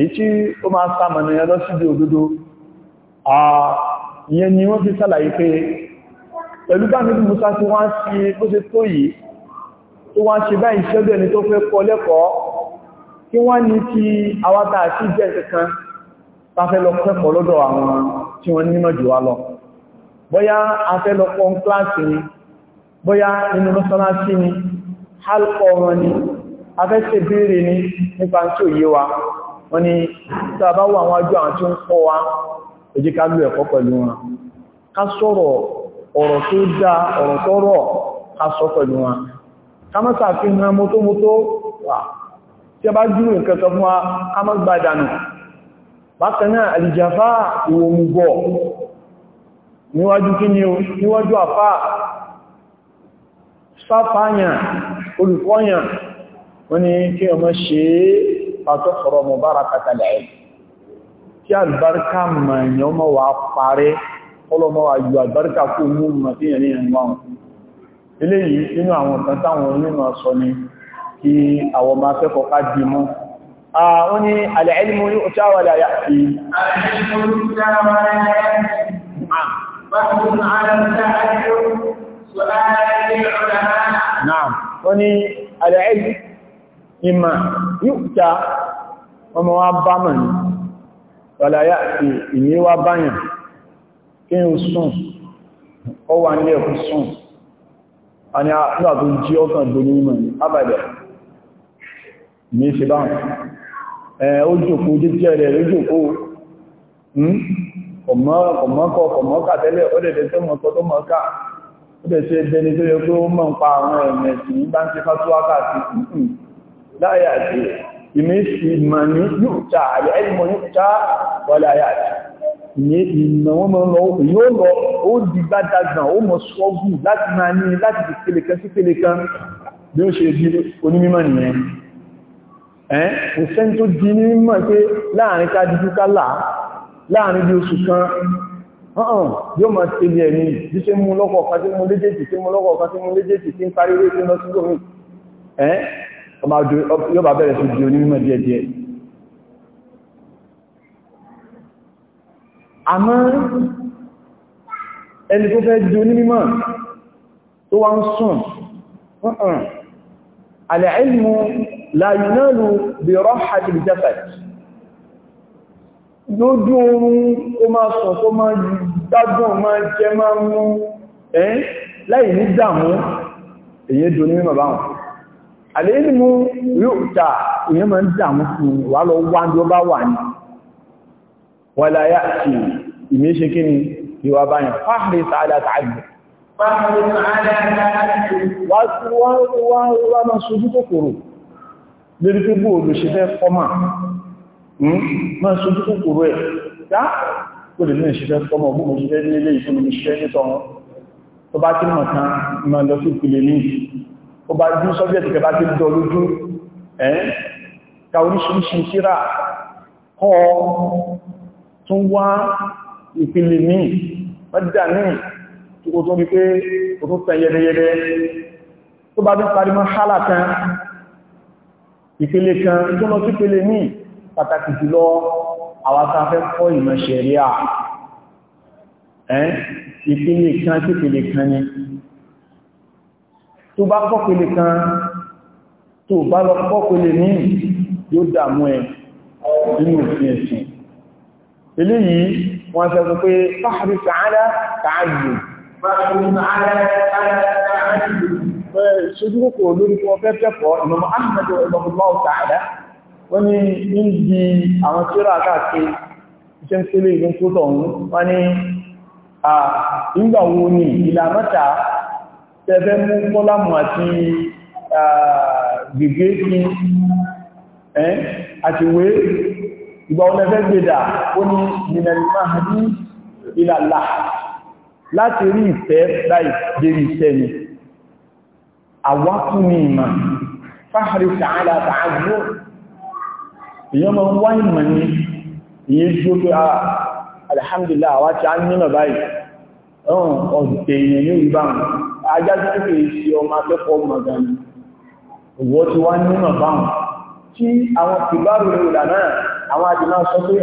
èyí tí ó máa sàmà ní ẹlọ́ sí òdodo ìyẹn ni wọ́n fi sàlàyé pé pẹ̀lú bámi bí Musa tí wọ́n sí bó ṣe tó yìí tó wọ́n ṣe báyìí ṣẹ́dọ̀ ẹni tó fẹ́ kọ lẹ́kọ̀ọ́ kí wọ́n ní kí awátá àti ìjẹ́ kankan tafẹ́ lọ kẹ́kọ̀ọ́ lọ́dọ̀ àwọn tí wọ́n nímọ̀ jù wá lọ bóyá halkọ̀ wọn ni afẹ́sẹ̀ bèèrè ní nípa tí ò yé wa wọ́n ni tàbá wà wọn ajú àwọn tí ó ń kọ́ wa èjì ká lú ẹ̀kọ́ pẹ̀lú wọn ká sọ̀rọ̀ ọ̀rọ̀ tó dá ọ̀rọ̀ tó rọ̀ ká sọ pẹ̀lú wọn ká mọ́ sàfihàn mọ́tómọ́tó wà tí a bá dúró nǹkan sọ fún wa ká mọ́ gbádànù bákanáà olùfọ́yàn wọ́n ni kí ọmọ ṣe pàtọ́kọ̀rọ̀ mọ̀ bára kàtàlẹ̀ ẹ̀ kí àlùbáríkà mọ̀nyàn ọmọ wà parẹ́ ọlọ́mọ wà yọ àlùbáríkà kó mú mọ̀ sí ẹ̀rí ẹ̀wọ̀n eléyìí nínú àwọn kan táwọn onímọ̀ sọ ni kí àwọn ọmọ akẹ́kọ̀ọ́ ká wọ́n ní alẹ́ẹ̀dì ìmà yóò ta ọmọ wa bá mọ̀ ní wàláyà àti ìyé wa báyàn kí n sùn ọ wà ní ẹ̀kù sùn a ní àpúlà tó jí ọkàn gbogbo ìmọ̀ ní abàdẹ̀ ní ṣe báhùn ó jòkó jíjẹ́ rẹ̀ hmm? tẹ́lẹ̀ ó dẹ̀dẹ̀ tó mọ̀kọ́ bẹ̀ ṣe bẹni tó yẹ pé ó mọ̀ ń pa àwọn ẹ̀mẹ̀ tí bá ń ṣe fásúwákà sí kùn hmm. láyà sí ìmísì mọ̀ ní yóò ta àyà ẹ̀mọ̀ yóò ta wọlé àyà ní ìmọ̀ yóò lọ ó di gbádagbà ó mọ̀ sọ́gù láti máa ní láti di pelekan sí pelekan bí di onímọ̀ ọ̀hàn yóò máa ṣe bí ẹni bí ṣe mú lọ́kọ̀ ọ̀kan tí mú léjèèjì tí mú lọ́kọ̀ ọ̀kan tí mú léjèèjì tí ń parí rí tí lọ sí lómi ẹ́ yóò bá bẹ̀rẹ̀ sí di onímọ̀ díẹ̀díẹ̀ àmọ́ ẹni tó fẹ́ di onímọ̀ tó wá ń sùn alẹ́ ilmu la yunalu bi rahati al-jasad lójú oorun ó máa sọ tó máa gbádùn máa jẹ máa mú ẹ́ láì ní dàmú èyí dùn ní mọ̀ báwọn àlèyé ni mú yóò ta èyí máa ń dàmú fún wà lọ wá ní ó bá wà ní wọ́lá yá ti ìmé ṣe kí ni ìwà báyìí fáàrí sàádà tààdì wọ́n wá máa sojú kòkòrò lórí pé bóòlù ṣe fẹ́ Hmm? máa ṣojú kòkòrò ẹ̀ dá kò lè ní ìṣẹ́fẹ́ fọ́mọ ọgbọ́n òṣìṣẹ́ ní ilé ìṣẹ́ ní iṣẹ́ nítọ̀run tó bá tí mọ̀ kan máa lọ sí ìpìlẹ̀ ní ó bá jú sọ́bẹ̀tì kẹba tí dọ lójú ẹ́ ka oríṣiríṣi síra kọ́ tún wá ìpìlẹ̀ ní mọ́dídà ní tó tó rí pé tó tó tẹ̀ yẹdẹyẹdẹ tó bá bí parí mọ́ hálà kan tó lọ sí ìpìlẹ̀ míì pàtàkì jùlọ àwọn tá a fẹ́ kọ́ ìmọ̀ ṣẹ̀ríà ìpínlẹ̀ kan sí ìpínlẹ̀ kan ni tó bá kọ́pínlẹ̀ kan tó bá lọ kọ́pínlẹ̀ ní yóò dàmú ẹ nínú òfin ẹ̀sìn eléyìí wọ́n sọ pé fáàrí sàádá tààjù ṣojú kòkòrò lórí fún ọfẹ́ kẹ́kọ̀ọ́ ìmọ̀mọ̀ ahmed ọlọ́pùpá ọ̀tàádá wọ́n ní ń di àwọn tíra káàkiri iṣẹ́ ń sílé ìgbẹ́ tó tọ̀ wọ́n ní ìgbàwo ni ìlàmọ́ta tẹ́fẹ́ mú kọ́lámù àti gègé sí àti wé ìgbàwo lẹ́fẹ́ gbèdà ó ní ìrìnàlìmá ní ìlàlá láti rí ìfẹ́ láì dérí iṣẹ́ ni àwákú ni èyàn máa ń wá ìmọ̀ ah, ní ìyẹ́ jú pé a alhamdulillah àwá tí a ń nínà báyìí ọ̀rùn èèyàn ní ìbáhùn ọmọ akẹ́kọ̀ọ́ magani òwò ti wá báhùn tí àwọn náà àwọn sọ pé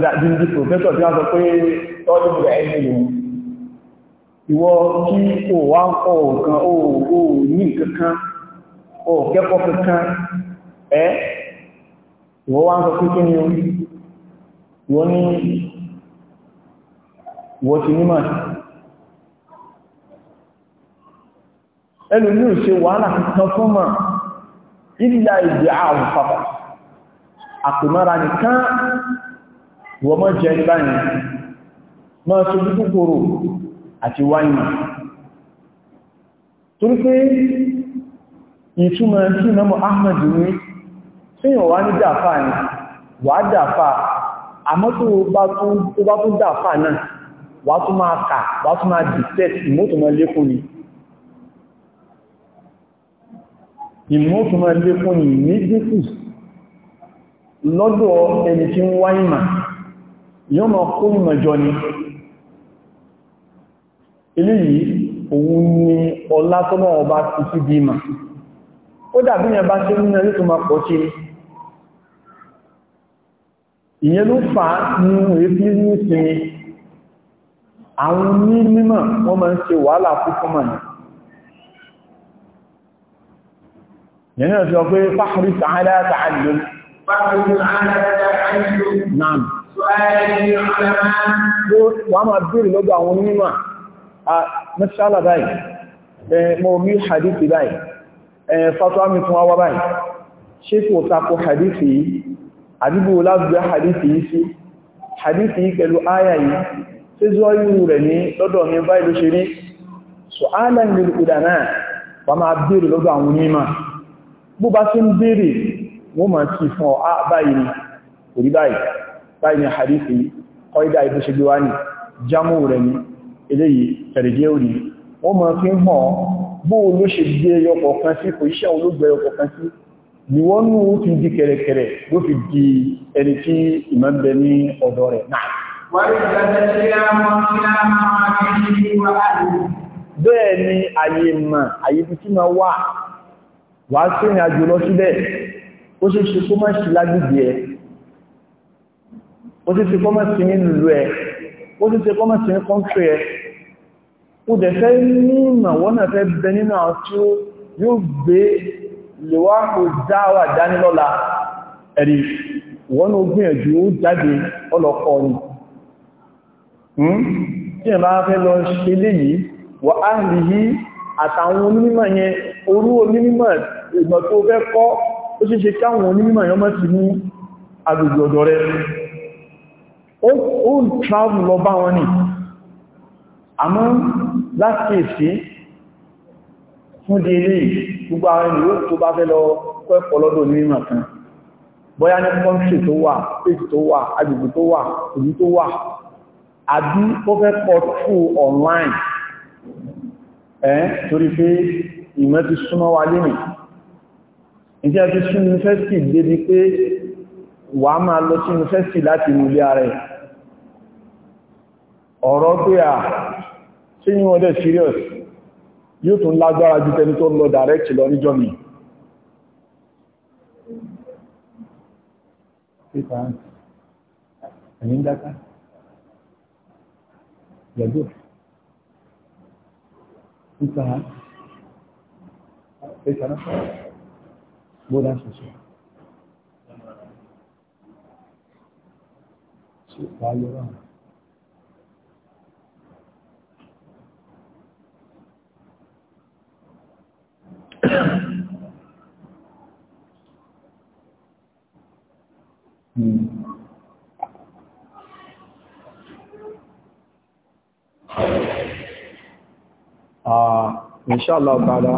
àwọn ẹ̀mì jíjí pòfẹ́sọ̀ tí ìwọ kí o wá ń kọ o ní kankan o kẹ́kọ̀ọ́ kankan ẹ́ ìwọ wá ń sọ pé kí ni o ìwọ ní ìwọ ti nímọ̀ ẹlùmí ò ṣe wàhálà kankan fún mọ̀ ìlà ìdí àwọn pàpà àpèmọ́ra nìkan ìwọ mọ́ jẹ́ báyìí kòkòrò àti wáyìmọ̀ torí pé ìtumọ̀ tí mẹ́mọ̀ Ahmed ní síyàn wá ní dàfà ní wà dàfà àmọ́ tó bá tún dàfà náà wà tún máa kà wà tún máa dìtẹ́t ìmótùmọ̀ lékún ni ìmótùmọ̀ lékún ni ní dínkù lọ́dọ̀ ẹni tí ń wáyìmọ̀ yọ́ mọ̀ kó ìmọ̀ jọ ni eléyìí òun ni ọlá tọ́lọ́ ọba ti dị bí ma ó dàbí yẹn bá ṣe nínú tó pọ̀ ṣe ìyẹn ló fà á ní èéfí ní ìsinmi àwọn ní mímọ̀ wọ́n ma ń ṣe wàhálà púpọ̀ mọ̀ ní Ah, mẹ́ṣálà báyìí mọ̀ eh, mí hadithi báyìí eh, fatuwa mi fún wa báyìí ṣe kò tako hadithi yìí àdúgbò lábúgbà hadithi yìí sí hadithi yìí pẹ̀lú áyà yìí tí zuwa yìí rẹ̀ ní lọ́dọ̀ mi báyìí ló ṣe rí so alan lil udana wa máa béèrè lọ́dọ̀ àwọn onímọ̀ bó bá ni kò rí báyìí ni hadithi yìí kọ́ ìdá rẹ̀ ni eléyìí tẹ̀lẹ̀dẹ́ òní wọ́n ma fi ń hàn bó ló ṣe gbé ẹyọkọ̀ kan sí kò iṣẹ́ olóògbé ẹyọkọ̀ kan sí ni wọ́n ní ó ti di kẹ̀rẹ̀kẹ̀rẹ̀ ló fi di ẹni tí ìmọ̀ ń bẹ ní ọ̀dọ̀ rẹ̀ náà bẹ́ẹ̀ ni àyè mà àyè tí tí máa wà wà á sí ìrìnàjò lọ ṣe ṣe sí lágbègbè ẹ ó ti ṣe kọ́mọ̀sí ní kọ́ntrí ẹ ó dẹ̀ fẹ́ ní ìmọ̀ wọ́n náà fẹ́ bẹ nínú àwọn tí ó yóò gbé lèwáàkò dáwà dání lọ́la ẹ̀rí wọ́n ó gbìyànjú ó jáde ọlọ́kọ́ ni hmm? tí ẹ̀ bá fẹ́ lọ ṣe léyìí wà á rí yí àtàwọn onímọ̀ yẹn orú onímọ̀ ìgbà tó fẹ́ kọ́ ó ṣeéṣe káwọn onímọ̀ yẹn mọ́ ti ní agbègbè ọ̀dọ̀ rẹ̀ ó ń travel lọ bá wọn ní àmọ́ láti èsì fún di ilé gbogbo àwọn ìlú tó bá fẹ́ lọ kẹ́kọ̀ọ́ lọ́dọ̀ ní ìmọ̀ kan bóyá ní country tó wà state tó wà agbègbè tó wà ìlú tó wà àbí ó fẹ́ kọ́ through online ẹ́ torí pé ìmọ̀ ti súnmọ́ wa lé nìí ìdí àti sí yunifásitì débi pé wà á máa lọ sí yunifásitì láti ìmúlé ara ẹ̀ ọ̀rọ̀ pé à tí yí wọ́n dẹ̀ serious yóò tún lágbára jù tẹni tó lọ direct lọ níjọ́ mi Bódá ṣoṣo. Ṣé ìpàá yọ́rọ̀ àwọn? inshallah ta'ala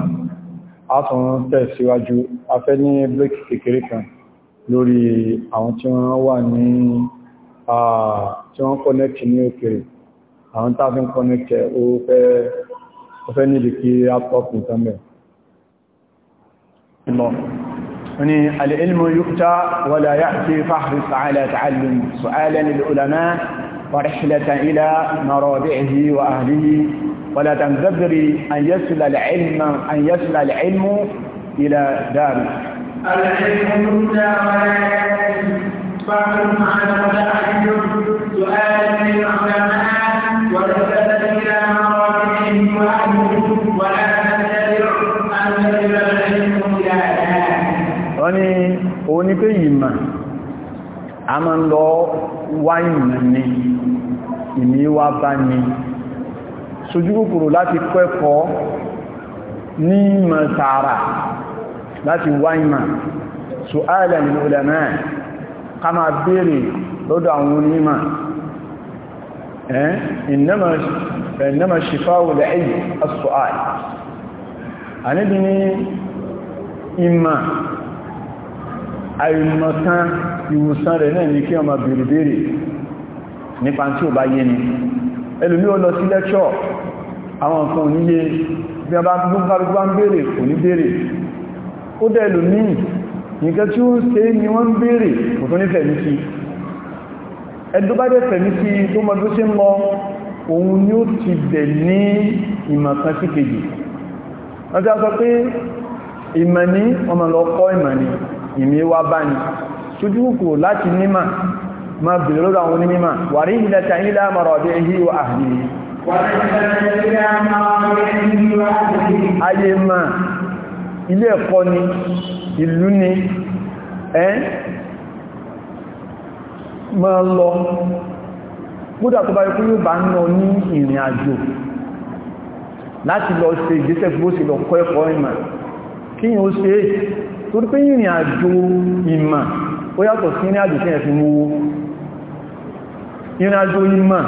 àtún tẹ̀síwájú afẹ́ ní blake kékeré kan lórí àwọn tí wọ́n wà ní tí wọ́n connect ní òkèrè àwọn tàbí connect ẹ̀ ó fẹ́ nílì kí laptop nǹkan mẹ́ وني العلم يؤتى ولا يأتي فاحرص على تعلم سؤالا للعلماء ورحلة إلى مرابعه وأهله ولا تنتظري أن يصل العلم أن يصل العلم إلى دارك العلم لا فهم عن سؤال العلماء ولسلت إلى مراتبهم ولا تتبع أن يصل العلم إلى دارك wọ́n òun ni pé ìmọ̀ a máa ń lọ wáyìn ní ìmí wá bá ní sojú kòkòrò láti kẹ́kọ̀ọ́ ní ìmọ̀ tààrà láti wá ìmọ̀ su'ala lil ulama ká máa béèrè lọ́dọ̀ àwọn onímọ̀ ẹ́ innama shifa'u al-'ilm as-su'al àníbi ní ìmọ̀ àìmọ̀kan ìwòsàn rẹ̀ náà ní kí ọmọ bèèrè nípa tí ó bá yé ni ẹlòmí ó lọ sí lẹ́ṣọ́ àwọn nǹkan oníye bí a bá gbogbo bá ń bèèrè kò ní bèèrè ó dẹ̀ ẹlòmí nǹkan tí ó ń ṣe ni wọ́n ń bèèrè kò tó ní fẹ̀mí sí ẹ̀dọ́ fẹ̀mí sí tó mọ́ tó ṣe ń lọ òun ni ó ti bẹ̀ ní ìmọ̀ kan sí kejì wọ́n ti sọ pé ìmọ̀ láti ma bèèrè lọ́dọ̀ àwọn onímọ̀ wà rí ilẹ̀ ta ilẹ̀ àmàrọ̀dé ihí wa àhìrí ayé ma ilé ẹ̀kọ́ ni ìlú ni ẹ́ ma lọ kódà tó bá yẹ yóò bá ń ní ìrìn àjò láti lọ ṣe ìgbésẹ̀ bó sì lọ kọ́ ẹ̀kọ́ ìmọ̀ kí yíò ṣe é torípé ìrìn àjò ìmọ̀ ó yàtọ̀ sí ní àjò ìrìnàjò ìmọ̀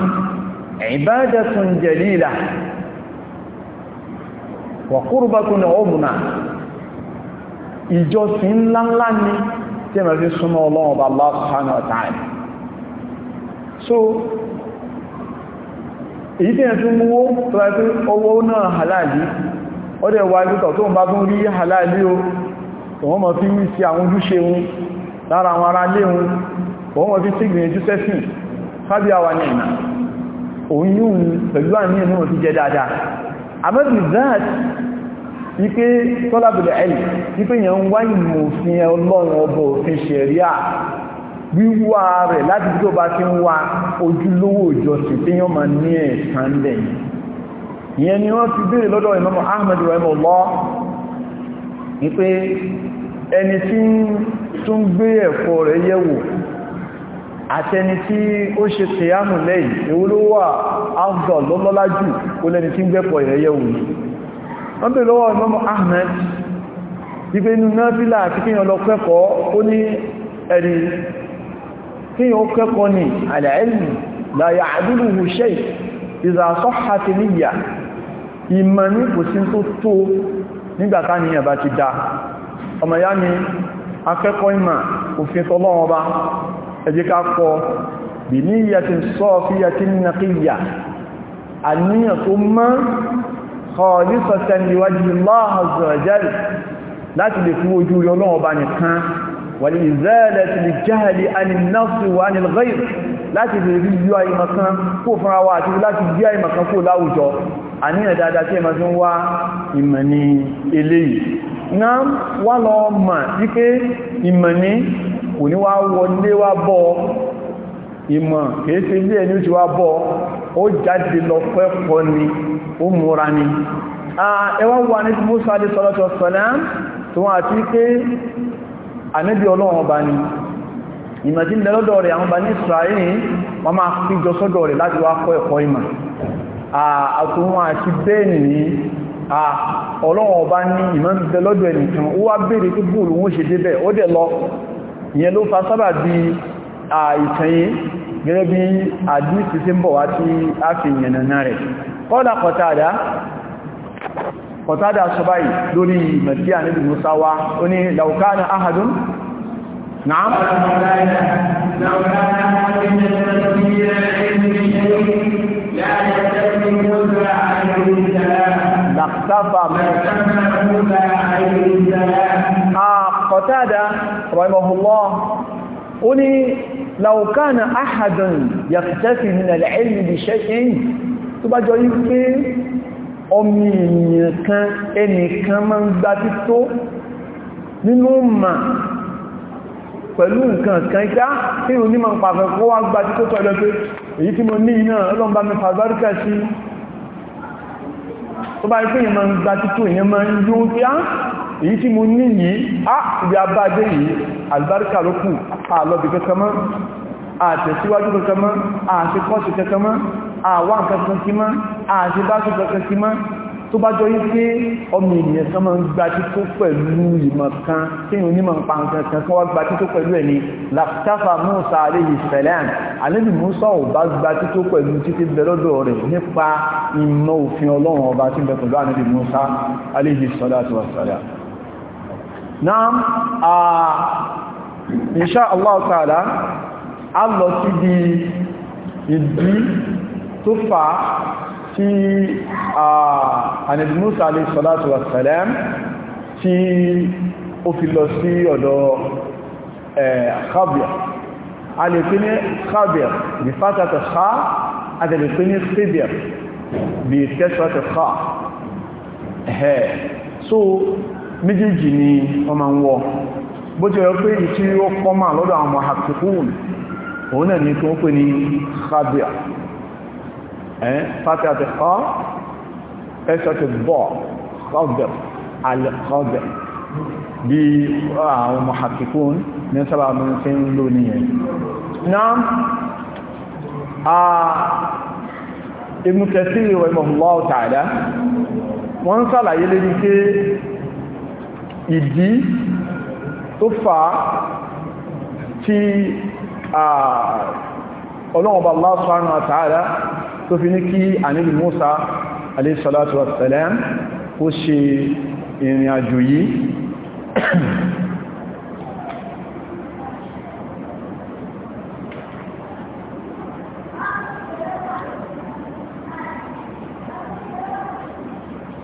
ibadatun jalila wa qurbatun umma ìjọsìn ńláńlá ni tí ma fi súnmọ́ Ọlọ́run Ọba Allah subhanahu wa ta'ala so èyí tí ẹ̀tún múwó tó ẹ̀tún owó náà halali ọdẹ wà lútọ̀ tó ń bá tún rí halali o tó wọ́n mọ̀ fi ń sí àwọn ojúṣe wọn lára àwọn ará mọ̀ fi sígbìyànjú fábíà wà ní ìmá òun yíò pẹ̀lú àníyàn náà ti jẹ dáadáa àmọ́bì that wípé tọ́lábìlẹ̀ ẹ̀lì wípé yẹn ń wá ìmò òfin ọlọ́run ọbọ̀ òfin ṣẹ̀ríà wíwá rẹ̀ láti tó bá ti ń wá ojúlówó ìjọsìn tí yọ́n béèrè lọ́dọ̀ àtẹni tí ó ṣe kìyàmù lẹ́yìn èwo ló wà afdol lọ́lọ́lájú ó lẹ́ni tí ń gbẹ́pọ̀ ìrẹ́yẹ wù wọ́n bèèrè lọ́wọ́ Imam Ahmed wípé inú náfílà àti kíyàn lọ kẹ́kọ̀ọ́ ó ní ẹ̀rí kíyàn ó kẹ́kọ̀ọ́ ní al-ilmu la ya'duluhu shay idha sahhat niyyah ìmọ̀ ní kò sí tó tó nígbàtá ní ẹ̀bá ti dá ọmọ yá ni ẹjẹ́ ká kọ bí ní yàtí sọ́ọ̀fíyàtí nàkíyà àníyàn tó mọ́ khalisatan liwajhi Allah azza wa jalla láti lè fún ojú rí ọlọ́wọ́ bá nìkan wà ní ìzẹ́ẹ̀lẹ̀ ti lè jáàlì anìnáfì wà ní ìgbẹ̀rẹ̀ láti lè rí yíò àìmọ̀kan kó fúnra wa àti láti gbé àìmọ̀kan kó láwùjọ àníyàn dáadáa tí ẹmọ̀ tí ń wá ìmọ̀ eléyìí na wá lọ mọ̀ wípé ìmọ̀ kò ní wá wọlé wá bọ́ ìmọ̀ kìí ṣe ilé ẹni tí wá bọ́ ó jáde lọ pẹ́pọ̀ ni ó múra ni ẹwà wà ní Musa alẹ́ sọ́lọ́tọ̀ sọ́lá tó wọ́n àti pé ànẹ́bí ọlọ́run ọba ni ìmọ̀ tí ń lẹ lọ́dọ̀ rẹ̀ àwọn ọba ní Israel wọ́n máa fi jọ sọ́dọ̀ ìmọ̀ àtúnwọ́n ẹnìkan ó wá béèrè pé bóòlù wọn ṣe débẹ̀ ó dẹ̀ lọ ìyẹn ló fa sábà bí àìsànyé gẹ́gẹ́ bí àdísì sí ń bọ̀ wá tí a fi yẹnàná rẹ̀ kọ́lá kọ̀tàdá kọ̀tàdá sọ lórí mẹ̀tí àníbì musa ó ní laukana ahadun na'am قتادة رحمه الله قولي لو كان أحد يكتفي من العلم بشيء تبا جايبك أمي كان أني كمان باتتو nínú mà pẹ̀lú nǹkan kan ìká tí o ní ma ń pàfẹ́ kó wá gba tí kó tọ́ ẹ̀lọ́ pé èyí tí mo ní iná ọlọ́mbà mi fàbáríkà sí tó bá rí pé èyàn ma gba títò èyàn ma ń yóò tí èyí tí mo ní yìí á ibi abájẹ́ yìí albarka ló kù àlọ́bì kẹkẹmọ́ àtẹ̀síwájú kẹkẹmọ́ àṣekọ́sí kẹkẹmọ́ àwá nǹkan kímọ́ àṣebáṣe kẹkẹ kímọ́ tó bá jọ yí pé ọmọ ènìyàn kan máa ń gba tító pẹ̀lú ìmọ̀ kan tí ìhun ní máa ń pa nǹkan kan kí wọ́n gba tító pẹ̀lú ẹni láfítáfà Musa alayhi salam alẹ́bì Musa ò bá gba tító pẹ̀lú títí bẹ̀lọ́dọ̀ rẹ̀ nípa ìmọ̀ òfin Ọlọ́run ọba tí bẹ̀ alẹ́bì Musa alayhi salatu náà à insha Allah ta'ala a lọ sí bí ìdí tó fà tí Ànábì Mùsá alayhi salatu wa salam tí ó fi lọ sí ọ̀dọ̀ Khabir a lè pé ní Khabir bí fátàtà ṣá a lè pé ní Khabir bí kẹsàtà ṣá méjèèjì ni wọ́n máa ń wọ́ bó ti rẹ̀ pé ìtí ó kọ́mà lọ́dọ̀ àwọn mahakikun òun náà ni tó ń pè ní khabia ẹ́n pàtí àti ọ́ ẹ́sọ̀tì bọ́ khabia alẹ́khabia bí àwọn mahakikun ní sábà mọ́ sí ń lò níyẹn náà ibn Kathir rahimahullahu ta'ala wọ́n pé ìdí tó fà á tí ọlọ́wọ̀bà Allah subhanahu wa ta'ala tó fi ní kí àníbì Musa alayhi salatu wa salam ó ṣe ìrìn àjò yìí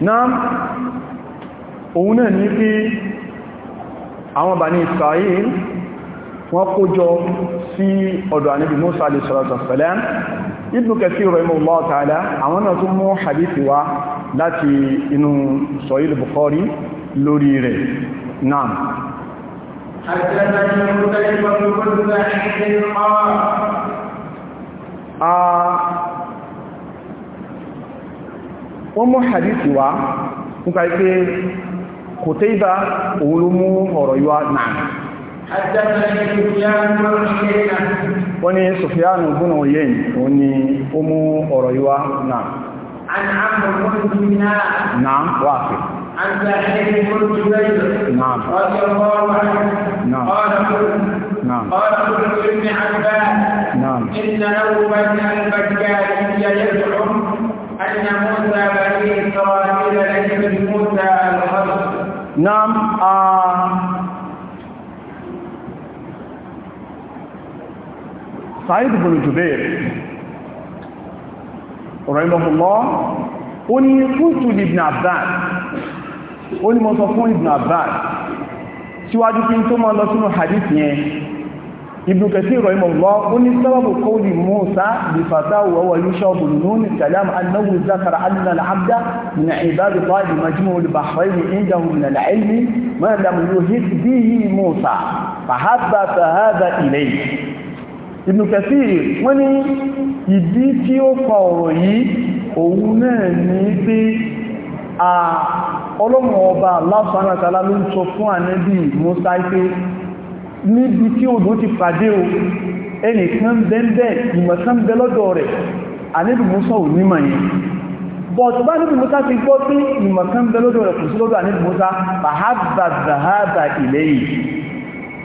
náà òun náà ní pé àwọn Bani Israel wọ́n kójọ sí ọ̀dọ̀ àníbì Musa alayhi salatu wassalam Ibn Kathir rahimahullah ta'ala àwọn náà tún mú hadith wá láti inú Sahih Bukhari lórí rẹ̀ náà حدثني مختلف بن kòtẹ́ìbá òun ló mú ọ̀rọ̀ yíwá náà wọ́n ni sọfíánù gúnnà yẹn òun ni ó mú ọ̀rọ̀ yíwá náà نعم واقف عن سعيد بن جبير نعم رضي الله عنه نعم قال نعم قال ابن ابن عباس نعم ان نوبه البكائيه يزعم ان موسى بني اسرائيل ليس بموسى Nam a Sa'id ibn Jubair rahimahullah ó ní fútù ibn Abbas ó ní mo sọ fún ibn Abbas síwájú kí n tó máa lọ sínú hadith yẹn ibn kathir rahimahullah ó ní sábàbù qawli musa bí fatahu wọ́wọ́ yusuf nún kalam annahu zakara anna al'abda min ibadi ta'i majmu' al-bahrayn indahu min al-ilm ma lam yuhit bihi wọ́n ní ìdí tí ó kọ ọ̀rọ̀ yìí òun náà ní pé ọlọ́mọ ọba Allah ló ń sọ fún ànábì musa níbi tí odò ti pàdé o ẹnìkan bẹ́ẹ̀ ìmọ̀kan bẹ lọ́dọ̀ rẹ̀ àníbì Mùsá ò nímọ̀ yẹn but bá níbi Mùsá ti gbọ́ pé ìmọ̀kan bẹ lọ́dọ̀ rẹ̀ kò sí lọ́dọ̀ àníbì Mùsá pàhábà zahaba ilẹ̀ yìí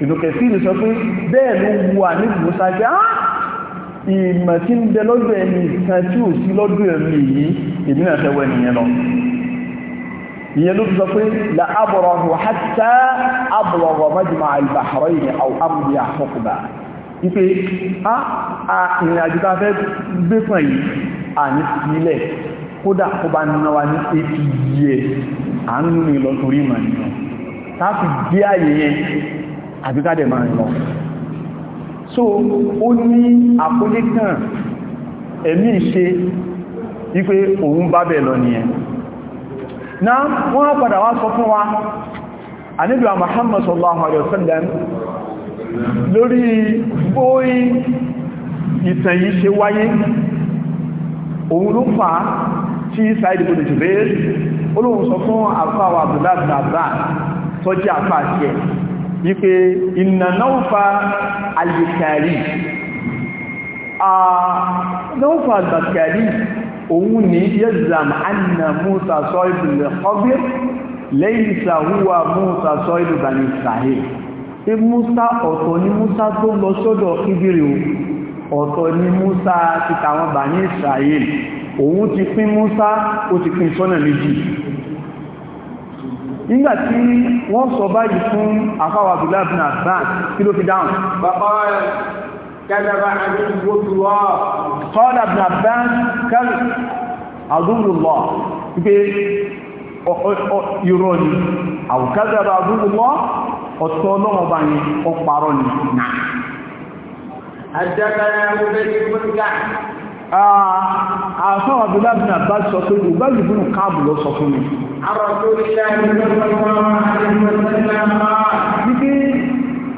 ìdókẹ̀sí ìlú sọ pé bẹ́ẹ̀ ló wu àníbì Mùsá pé á ah! ìmọ̀ tí ń bẹ lọ́dọ̀ ẹni kan tí ò sí lọ́dọ̀ ẹni yìí èmi náà fẹ́ wẹ́ nìyẹn lọ ìyẹn ló sọ pé la abọ̀rọ̀hùn hátà abọ̀rọ̀hùn mọ́jìmá àlùbáhọ̀rọ̀ ìní àwọ̀hámùdí àfọ́kùbà ipe a ìrìn àjò tá fẹ́ gbé pọ̀ yìí à ní sílẹ̀ kódà kó bá nínú wa ní eighty years à ń nínú ìlọ torí ìmọ̀ nínú na wọ́n padà wá sọ fún wa àníbíwà Muhammad sallallahu alaihi wasallam lórí bóyí ìtàn yìí ṣe wáyé òun ló fà á tí Sa'id ibn Jubair olóhun sọ fún àfáwà Abdullahi Abbas tó jẹ́ àfá àti òun ní yẹ́zàm anna musa sọ ìbìlẹ̀ ọgbẹ́ lẹ́yìn ìsàwúwà musa sọ ìbìlẹ̀ ìsàhẹ́ tí musa ọ̀tọ̀ ni musa tó lọ sọ́dọ̀ ìbìrì ọ̀tọ̀ ni musa ti tàwọn bà ní ìsàhẹ́ òun ti pín musa ó ti pín sọ́nà méjì nígbàtí wọ́n sọ báyìí fún àfáwà abdullahi كذب عليه الله قال ابن عباس كذب عدو الله ìrọ̀lì àwùkádàrà àdúgbùmọ́ ọ̀tọ́ ọlọ́wọ́ bá ní ọparọ́ ni náà. Àjẹ́kẹ́rẹ́ ọmọdé ní Bọ́lá. Àfọ́ Abdullahi bin Abbas sọ pé Ubali bin Kab lọ sọ fún mi. Àrọ̀ tó rí láàrin lọ́wọ́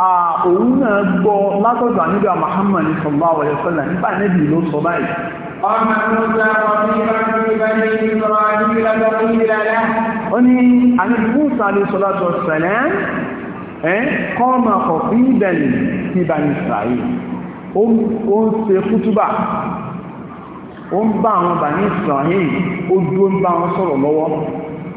òun náà gbọ́ látọ̀dọ̀ àníbà Muhammad sallallahu alaihi wasallam nípa níbi ló sọ báyìí ó ní àníbùsà lè sọ látọ̀ sẹ̀lẹ̀ kọ́mà kọ̀fí ìbẹ̀lì ní bá ní ìsìláyé ó ń bá àwọn bà ní ìsìláyé ó ń bá wọn sọ̀rọ̀ lọ́wọ́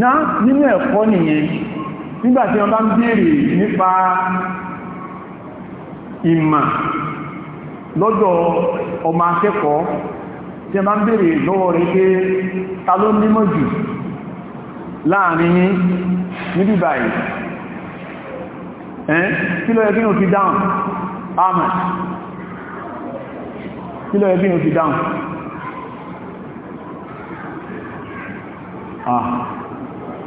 náà nínú ẹ̀kọ́ nìyẹn nígbàtí wọ́n bá ń béèrè nípa ìmà lọ́dọ̀ ọmọ akẹ́kọ̀ọ́ tí wọ́n bá ń béèrè lọ́wọ́ rẹ̀ pé ta ló nímọ̀ jù láàrin yín níbi báyìí ẹ́n kí o fi dáhùn àmà kí ló yẹ kí ah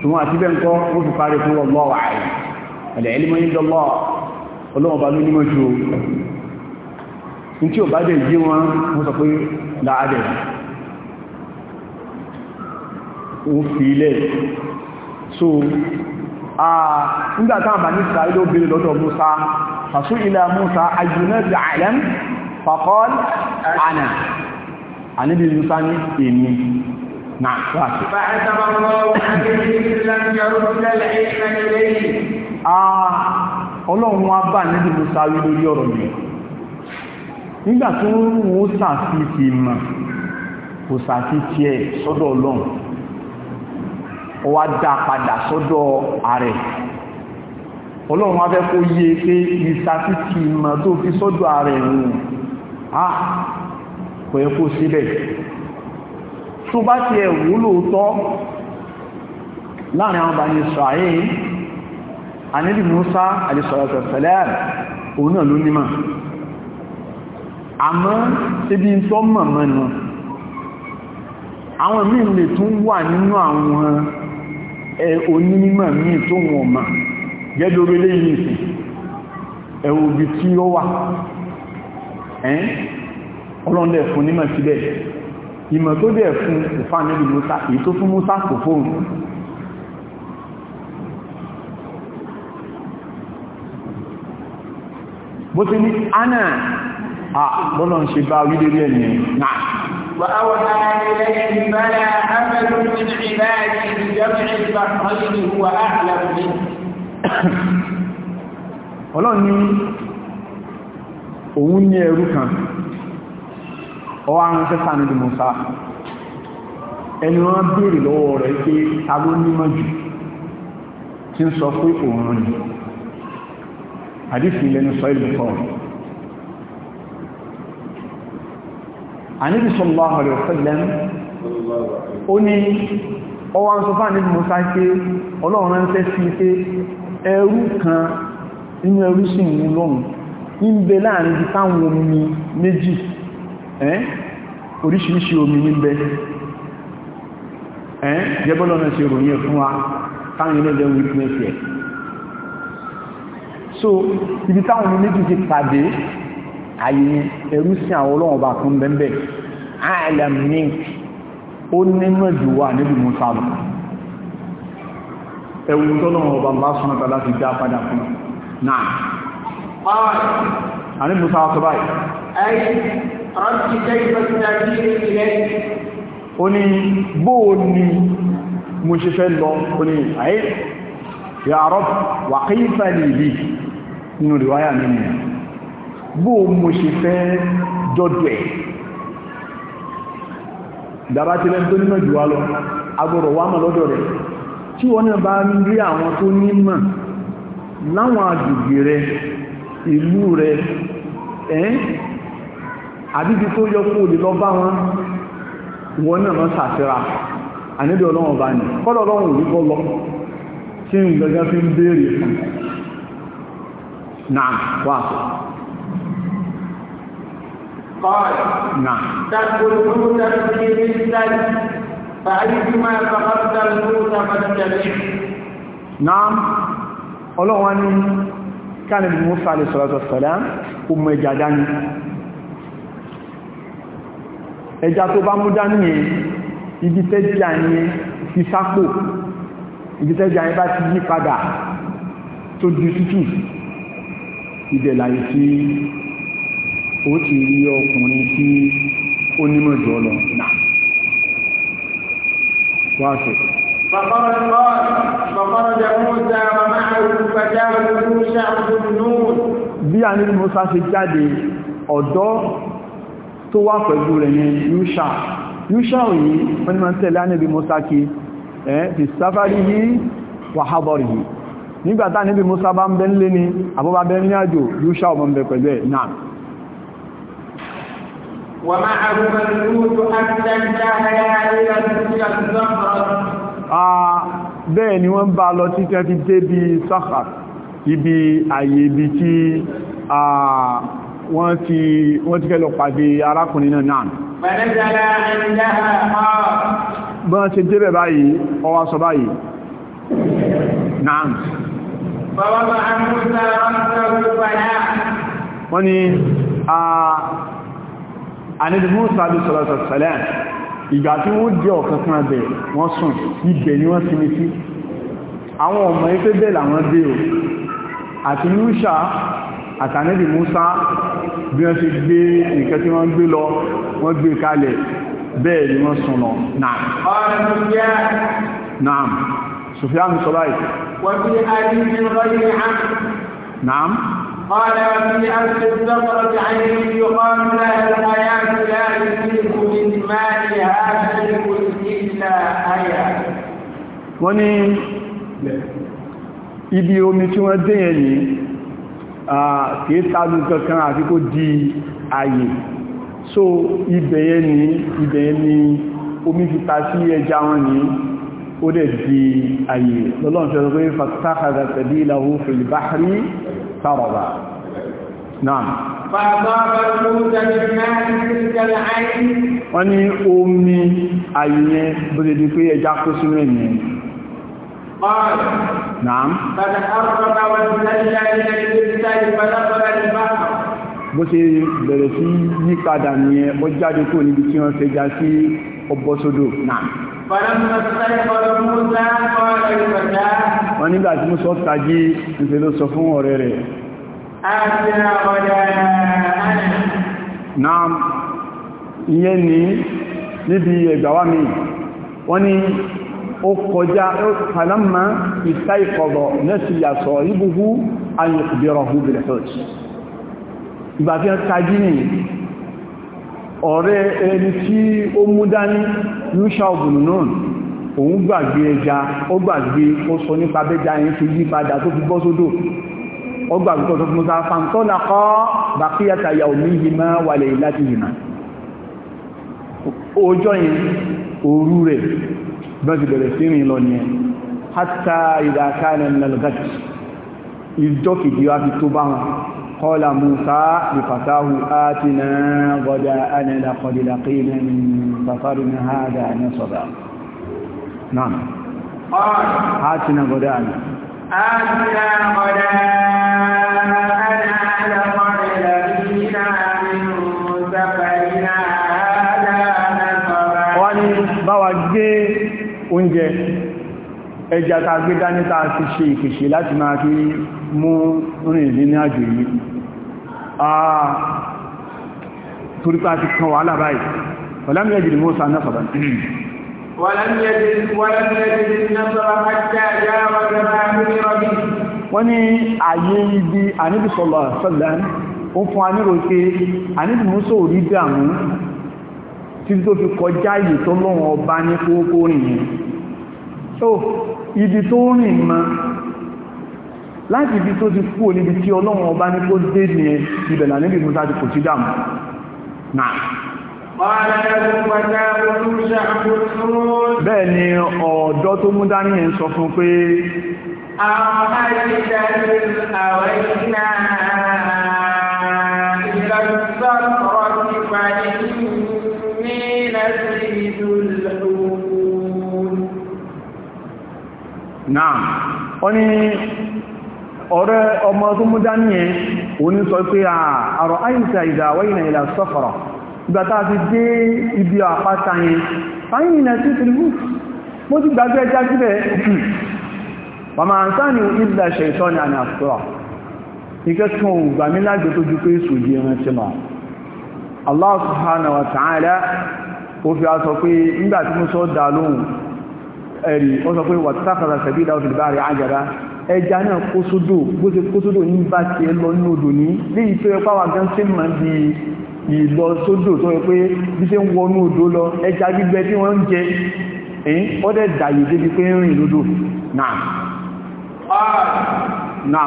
ṣùgbọ́n àti bẹ́ẹ̀ ńkọ́ ó fi parí fún ọlọ́ ààrẹ ẹ̀lẹ̀ ẹlẹ́mọ́ ìdọ́lọ́ ọlọ́ọ̀bá ló ní mọ́jú tí ó bá dẹ̀ yí wọn mú sọ pé láàdẹ̀ ó fi ilẹ̀ so nígbàtá àbà ní sàárè ló bèèrè lọ́dọ̀ ànà àníbi Musa ní èmi نعم واصل فعتب الله به لم يرد العلم إليه آه ọlọ́run wá bá níbi musa rí lórí ọ̀rọ̀ yìí nígbà tó ń wo sàfíìsì mà kò sàfíìsì ẹ̀ sọ́dọ̀ ọlọ́run ó wá dá padà sọ́dọ̀ ààrẹ ọlọ́run wá fẹ́ kó yé e pé ìsàfíìsì tó fi sọ́dọ̀ ààrẹ rùn á ah, kò síbẹ̀ tó bá ti ẹ̀wú lóòótọ́ láàrin àwọn bàní Israel anẹ́bì Musa alìsọ̀rọ̀sọ̀sẹ̀lẹ̀ òun náà ló nímọ̀ àmọ́ ibi tó mọ̀mọ́ nù àwọn míì lè tún wà nínú àwọn onímọ̀ míì tó wọ̀n mà gẹ́dọ̀rọ̀ léyìn ìsìn ẹ̀wò bí tí ó wà ẹ́ ọlọ́ndẹ̀ fún nímọ̀ síbẹ̀ ìmọ̀ tó dẹ̀ fún ìfà níbi Musa èyí tó fún Musa kò fóun bó ti ní ana à bọ́lọ̀ ń ṣe bá wílé rí ẹ̀yẹ náà وأوحى من عبادي بجمع البحرين هو أعلم منه Ọlọ́run ni òun ní ẹrú kan ọwọ́ àwọn ṣe sáà nílùú Musa ẹni wọ́n béèrè lọ́wọ́ rẹ̀ pé ta ló nímọ̀ jù tí ń sọ pé òun ni àdífì lẹ́nu sọ ìlú fọ́ àníbi sallallahu alaihi wasallam ó ní ọwọ́ àwọn sọfá nílùú Musa pé ọlọ́run ránṣẹ́ sí pé ẹrú kan nínú ẹrú sí ìwú lọ́run ń bẹ láàrin ibi táwọn omi méjì ẹ́ oríṣiríṣi omi níbẹ̀ ẹ́ jẹ́bọ́lọ́ náà ṣe ròyìn fún wa táwọn ilẹ̀ jẹ́ witness ẹ̀ so ibi táwọn omi méjì ti pàdé àyè ẹ̀rú sí àwọn ọlọ́wọ̀n bá fún bẹ́ẹ̀ island mink ó nínú ẹ̀jù wà níbi musa lọ ẹ̀wù tọ́lọ́wọ̀n ọba bá súnmọ́ tàbí láti dá padà fún náà àní musa sọ báyìí رب كيف تناديني إليك oni bóò ni mo ṣe fẹ́ lọ oní àyí ya rab wà kí fàlì ìlú nínú ríwáyà nínú bóò mo ṣe fẹ́ dọ́dọ̀ ẹ̀ dábá tí lẹ́n tó nímọ̀ jù wá lọ agbọ̀rọ̀ wá mọ̀ lọ́dọ̀ rẹ̀ tí wọ́n náà bá ń rí àwọn tó nímọ̀ láwọn àgbègbè rẹ̀ ìlú rẹ̀ ẹ́ àbíbi tó yọ kó lè lọ bá wọn wọn náà mọ́ sàfíra àníbẹ̀ ọlọ́run bá ní kọ́lọ̀ ọlọ́run rí bọ́ lọ tí ń gẹ́gẹ́ fi ń béèrè fún náà wà قال نعم تدخلون في السجن فأيما فقدت الموت فاتبع نعم ọlọ́run wá ní kánàbí Musa alẹ́sọ̀rọ̀ sọ̀rọ̀ ọmọ ìjàdá ni ẹja tó bá mú dání yẹn ibi tẹ́jà yẹn fi sápò ibi tẹ́jà yẹn bá ti yí padà tó di tútù ibẹ̀ láyé tí ó ti rí ọkùnrin tí ó nímọ̀ jọ lọ náà wá sọ. فخرج قال فخرج موسى ومعه فتاه شعب نور bí a ní Musa ṣe jáde ọ̀dọ́ tó wà pẹ̀lú rẹ̀ ní yúṣà yúṣà òyí wọ́n ni ma ń tẹ̀lé ánìbí musa kí ẹ́ fi sáfàrí yí wàhábọ̀rì yìí nígbàtá níbi musa bá ń bẹ ń lé ní àbúbá bẹ ń ní àjò yúṣà ọmọ ń bẹ pẹ̀lú ẹ̀ náà bẹ́ẹ̀ ni wọ́n bá lọ tí kẹ́ fi dé bí sáfà ibi àyè ibi tí wọ́n ti wọ́n ti fẹ́ lọ pàdé arákùnrin náà náà bọ́n ti débẹ̀ báyìí ọwá sọ báyìí náà wọ́n ni a anìdì Musa bí sọ́lọ́sọ̀ sẹ́lẹ̀ ìgbà tí wọ́n jẹ́ ọ̀kankan abẹ̀ wọ́n sùn ibẹ̀ ni wọ́n sinmi sí àwọn ọmọ ẹgbẹ́ bẹ̀ẹ̀ làwọn dé o àti Musa àtànẹ́bì Musa bí wọ́n ṣe gbé nǹkan tí wọ́n gbé lọ wọ́n gbé kalẹ̀ bẹ́ẹ̀ ni wọ́n sùn lọ naam Sufyan sọ́láì naam قال وفي أمس الزفرة عيني يقال wọ́n ní ibi omi tí wọ́n dé yẹn yìí kìí tàbí kankan àti kó di ààyè so ibẹ̀yẹ ni ibẹ̀yẹ ni omi fi ta sí ẹja wọn ni ó dẹ̀ di ààyè lọ́lọ́n fẹ́ sọ pé fàtàkàdà tẹ̀lé ìlàwó fìlìbáhrí tàrọ̀bà náà wọ́n ní omi àyíyẹn bó ti di pé ẹja kó sínú ẹ̀yẹn قال نعم فتحرك وتدلى الى الكتاب فدخل البحر bó ṣe bẹ̀rẹ̀ sí yípadà nìyẹn ó jáde kúrò níbi tí wọ́n fẹja sí ọbọ̀ sódò náà. wọ́n nígbà tí mo sọ tají níṣẹ́ ló sọ fún ọ̀rẹ́ rẹ̀. náà ìyẹn ní níbi ẹ̀gbà wa mi wọ́n ní ó kọjá falamma ìsáìkọ̀rọ̀ lẹ́sí yàtọ̀ ìbúhú ayọ̀kùbẹ̀rọ̀hù bẹ̀rẹ̀fẹ́ọ̀tì ìgbà fi ń tají ní ọ̀rẹ́ ẹni tí ó mú dání lúṣà òbùnù náà òun gbàgbé ẹja ó gbàgbé ó sọ nípa bẹ́jà yẹn ti yí padà tó fi bọ́ sódò ó gbàgbé tó fi mọ́ta fàntọ́nà kọ́ bàkíyàtà yà òmí yìí máa wà lè láti yìí náà ọjọ́ yẹn òru rẹ̀ بس بلسيني لوني حتى إذا كان من الغد يزدوكي جوابي توبان قال موسى لفتاه آتنا غداءنا لقد لقينا من سفرنا هذا نصبا نعم آتنا غداءنا آتنا غداءنا لقد oúnjẹ ẹja ta gbé dání ta ti ṣe ìpèsè láti máa fi mú rìn nínú àjò yìí àà torípa ti kan wàhálà báyìí ọ̀lámi ẹjì ni mọ́ sa náà sọ̀rọ̀ wọ́n ní àyè ibi àníbìsọ̀lọ̀ sọ́lẹ̀ ó fún anírò pé àníbìmúsò rí dàmú títí tó fi kọjá ìyè tó lọ́wọ́ ọba ní kókó rìn yìí ó ibi tó rìn ma láti ibi tó ti kú níbi tí ọlọ́run ọba ní kó dé ní ibẹ̀lá níbi Musa ti kò sí dàmù náà bẹ́ẹ̀ ọ̀dọ́ tó mú dání ẹ̀ sọ fún pé àwọn àìsíkẹ́ ti pàdé ní ìrẹsì náà wọ́n ní ọ̀rẹ́ ọmọ tó mú dání ẹ̀ òun ní sọ pé àrọ̀ àìsà ìdàwẹ́yìnà ìlà sọ́fọ̀rọ̀ ìgbàtà ti dé ibi àpáta yẹn fáyìnà sí tìrìbù mo ti gbàgbé ẹjá síbẹ̀ ọmọ àǹsáàni ìlà ṣẹ̀tọ́ ni àmì àfúrà ìkẹ́kùn gbàmílájò tó ẹ̀rì wọ́n sọ pé wà tákàrà sẹ̀bí ìdáwọ̀ fìdí báyìí àjàdá ẹja náà kó sódò bó ṣe kó sódò ní bá ti ẹ lọ ní odò ní ní ìfẹ́ pàwà gan ṣe máa ń di ìlọ tó yẹ pé bí ṣe ń wọnú odò lọ ẹja gbígbẹ tí wọ́n ń jẹ ẹ̀yìn ọdẹ dàyè débi pé ń rìn lódò náà wọ́n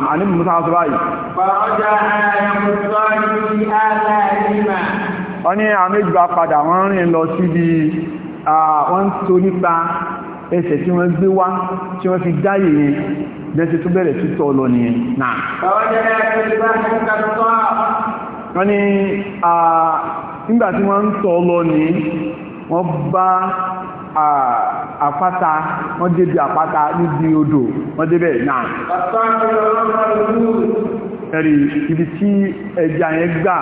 rìn tó nípa ẹsẹ̀ tí wọ́n gbé wá tí wọ́n fi dáyé yẹn bẹ́ẹ̀sẹ̀ tó bẹ̀rẹ̀ títọ́ lọ nìyẹn náà wọ́n ni nígbà tí wọ́n ń tọ́ lọ ní wọ́n bá àpáta wọ́n débi àpáta níbi odò wọ́n débẹ̀ náà ẹ̀rì ibi tí ẹja yẹn gbà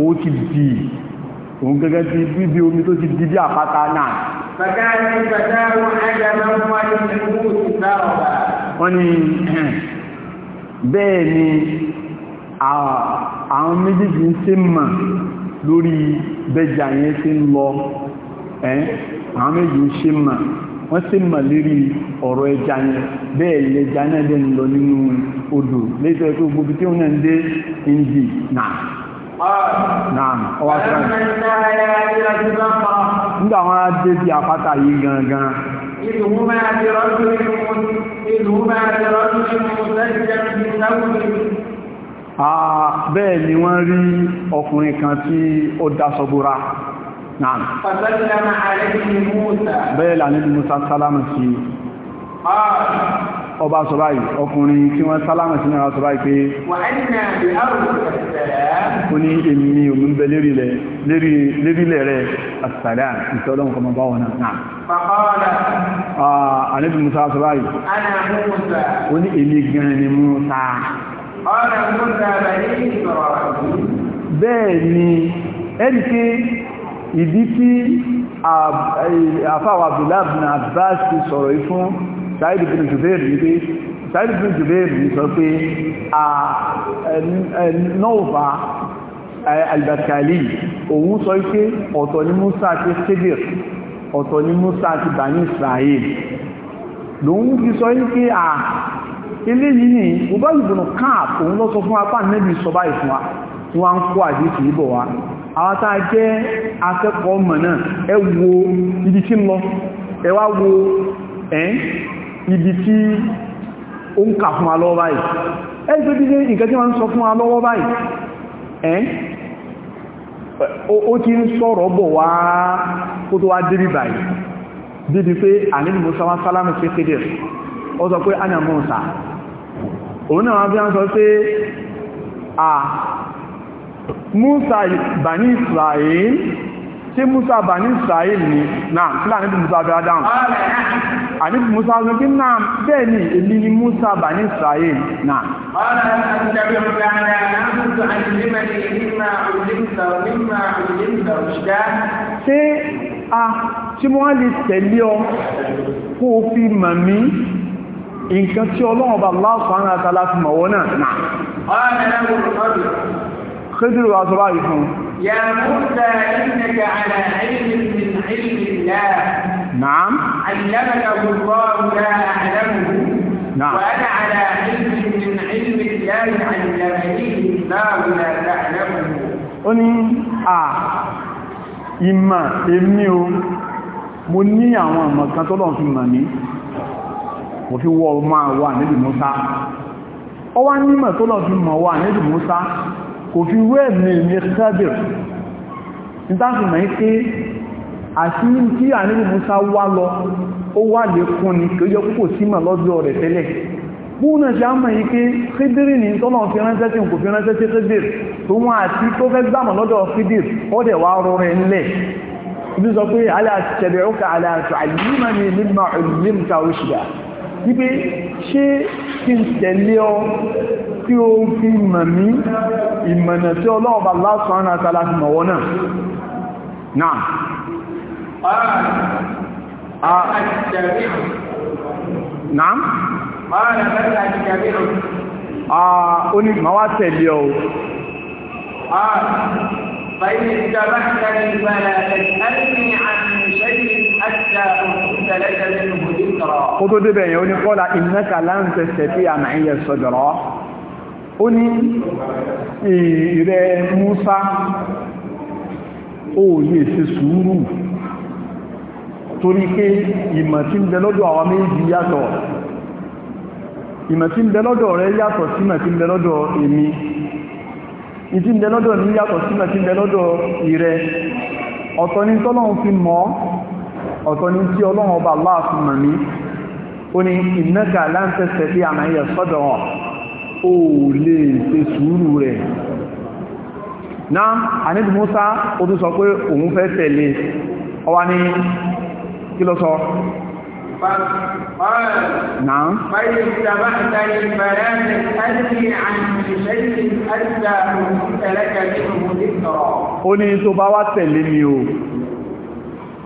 ó ti dì òun gẹ́gẹ́ bí bíbí omi tó ti di bí àpáta náà. wọ́n ní bẹ́ẹ̀ ni àwọn méjèèjì ń ṣe mọ̀ lórí bẹ́jà yẹn ti ń lọ ẹ́ àwọn méjì ń ṣe mọ̀ wọ́n ṣe mọ̀ lérí ọ̀rọ̀ ẹja yẹn bẹ́ẹ̀ ilẹ̀ ẹja náà dẹ̀ lọ nínú odò lẹ́tọ̀ẹ́ pé gbogbo tí wọ́n náà ń dé ń dì náà nígbà wọn á dé bí àpáta yìí gangan ìlúmọ̀ àti rọ́dún bẹ́ẹ̀ ni wọ́n rí ọkùnrin kan tí ó dásọ̀búra náà bẹ́ẹ̀ lànà Musa sálámù sí i ọba sọ báyìí ọkùnrin tí wọ́n sálámà sínú àwọn sọ báyìí pé ó ní èmi òun bẹ lérílẹ̀ rẹ̀ àtàdà ìtọ́lọ́n kọmọ bá wọn náà àníbi musa sọ báyìí ó ní èmi gan ni musa bẹ́ẹ̀ ni ẹ̀rí pé ìdí tí àfáwà abdullahi abdullahi sọ̀rọ̀ yìí Said ibn Jubair wípé Said ibn Jubair sọ pé nọ́ọ̀fà albakali òun sọ pé ọ̀tọ̀ ni Musa ti Khidir ọ̀tọ̀ ni Musa ti Bani Israel lòun fi sọ pé à ilé yìí ni ọba ìbùnú káàp òun lọ sọ fún apá nẹ́bí sọba ìfún wa tí wọ́n ń kó àdíkì ìbọ̀ wa àwọn tàà jẹ́ akẹ́kọ̀ọ́ mọ̀ náà ẹ wo ibi tí ń lọ ẹ wá wo ẹ́ ibi tí ó ń kà fún alọ́wọ́ báyìí ẹ́ tó bí nǹkan tí wọ́n ń sọ fún alọ́wọ́ báyìí ẹ́ ó ti ń sọ̀rọ̀ bọ̀ wá kó tó wá débi báyìí débi pé àníbi musa wá sálámù sí kéde ó musa bani israel ṣé musa bá ní israel ni náà sílá níbi musa bá dáhùn àníbi musa sọ pé náà bẹ́ẹ̀ ni èmi ni musa bá ní israel náà. ṣé a tí wọ́n lè tẹ̀lé ọ kó o fi mọ̀ mí nǹkan tí ọlọ́run bá láàfin àtàlà fi mọ̀ wọ́n náà náà. Khidru wa sọ báyìí fún. Ya Musa innaka ala ilmin min ilmillah. Naam. Allamaka Allah la a'lamuhu. Naam. Wa ana ala ilmin min ilmillah allamani Allah la ta'lamuhu. Ó ní à ìmà èmi o, mo ní àwọn ọmọ kan tó lọ fi mà ní, mo fi wọ́ máa wà nílùú Musa. Ó wá nímọ̀ tó lọ fi mọ̀ wà nílùú Musa kò fi wẹ́ẹ̀mì ní kẹ́bìr nítàfì mẹ́ pé àti ní kí àníbù musa wá lọ ó wà lè kún ní kí ó yẹ púpọ̀ sí mà lọ́dọ̀ rẹ̀ tẹ́lẹ̀ búnà ṣe á yí pé kídírì ní tọ́lọ̀ fi ránṣẹ́ sí kò fi ránṣẹ́ sí kídírì tó wọ́n àti tó fẹ́ gbàmà lọ́dọ̀ kídírì ó dẹ̀ wá rọrẹ̀ ńlẹ̀ ibi sọ pé aláṣẹ̀bẹ̀ ó ka aláṣẹ̀ àlìmọ́ ni mímọ̀ ìlú mímọ̀ òṣìṣẹ́ wípé ṣé kí n tẹ̀lé ọ tí ó fi mọ̀ mí ìmọ̀nà tí ọlọ́ọ̀bà lásán ara tààlà ti mọ̀wọ́ náà náà Naam? Mọ́rànlá mẹ́ta ti jàbí rò. Àà ó ní ma wá tẹ̀lé ọ. Àà fàílì ìjọba ìjọba ìgbàlẹ̀ ẹ̀sìn ní àmì ìṣẹ́yìn àti àwọn ó tó débẹ̀ yẹn ó ní kọ́lá innaka lan tastati'a ma'iya sadra ó ní ìrẹ Musa ó lè ṣe sùúrù torí pé ìmọ̀ tí ń bẹ lọ́dọ̀ àwọn méjì yàtọ̀ ìmọ̀ tí ń bẹ lọ́dọ̀ rẹ yàtọ̀ sí ìmọ̀ tí ń bẹ lọ́dọ̀ èmi ìtí ń bẹ lọ́dọ̀ ní yàtọ̀ sí ìmọ̀ tí ń bẹ lọ́dọ̀ ìrẹ ọ̀tọ̀ ni tọ́lọ́run fi mọ̀ ọ̀tọ̀ ní tí ọlọ́run ọba aláàfin mọ̀ mí ó ní ìnáka láńtẹ̀sẹ̀ bí àmàyẹ sọ́dọ̀ ọ̀ ó lè ṣe sùúrù rẹ̀ náà àníbi Musa ó tún sọ pé òun fẹ́ tẹ̀lé ọwá ní kí ló sọ náà ní àti àmì ìṣẹ́yìn àti àwọn ìtẹ̀lẹ́kẹ̀ẹ́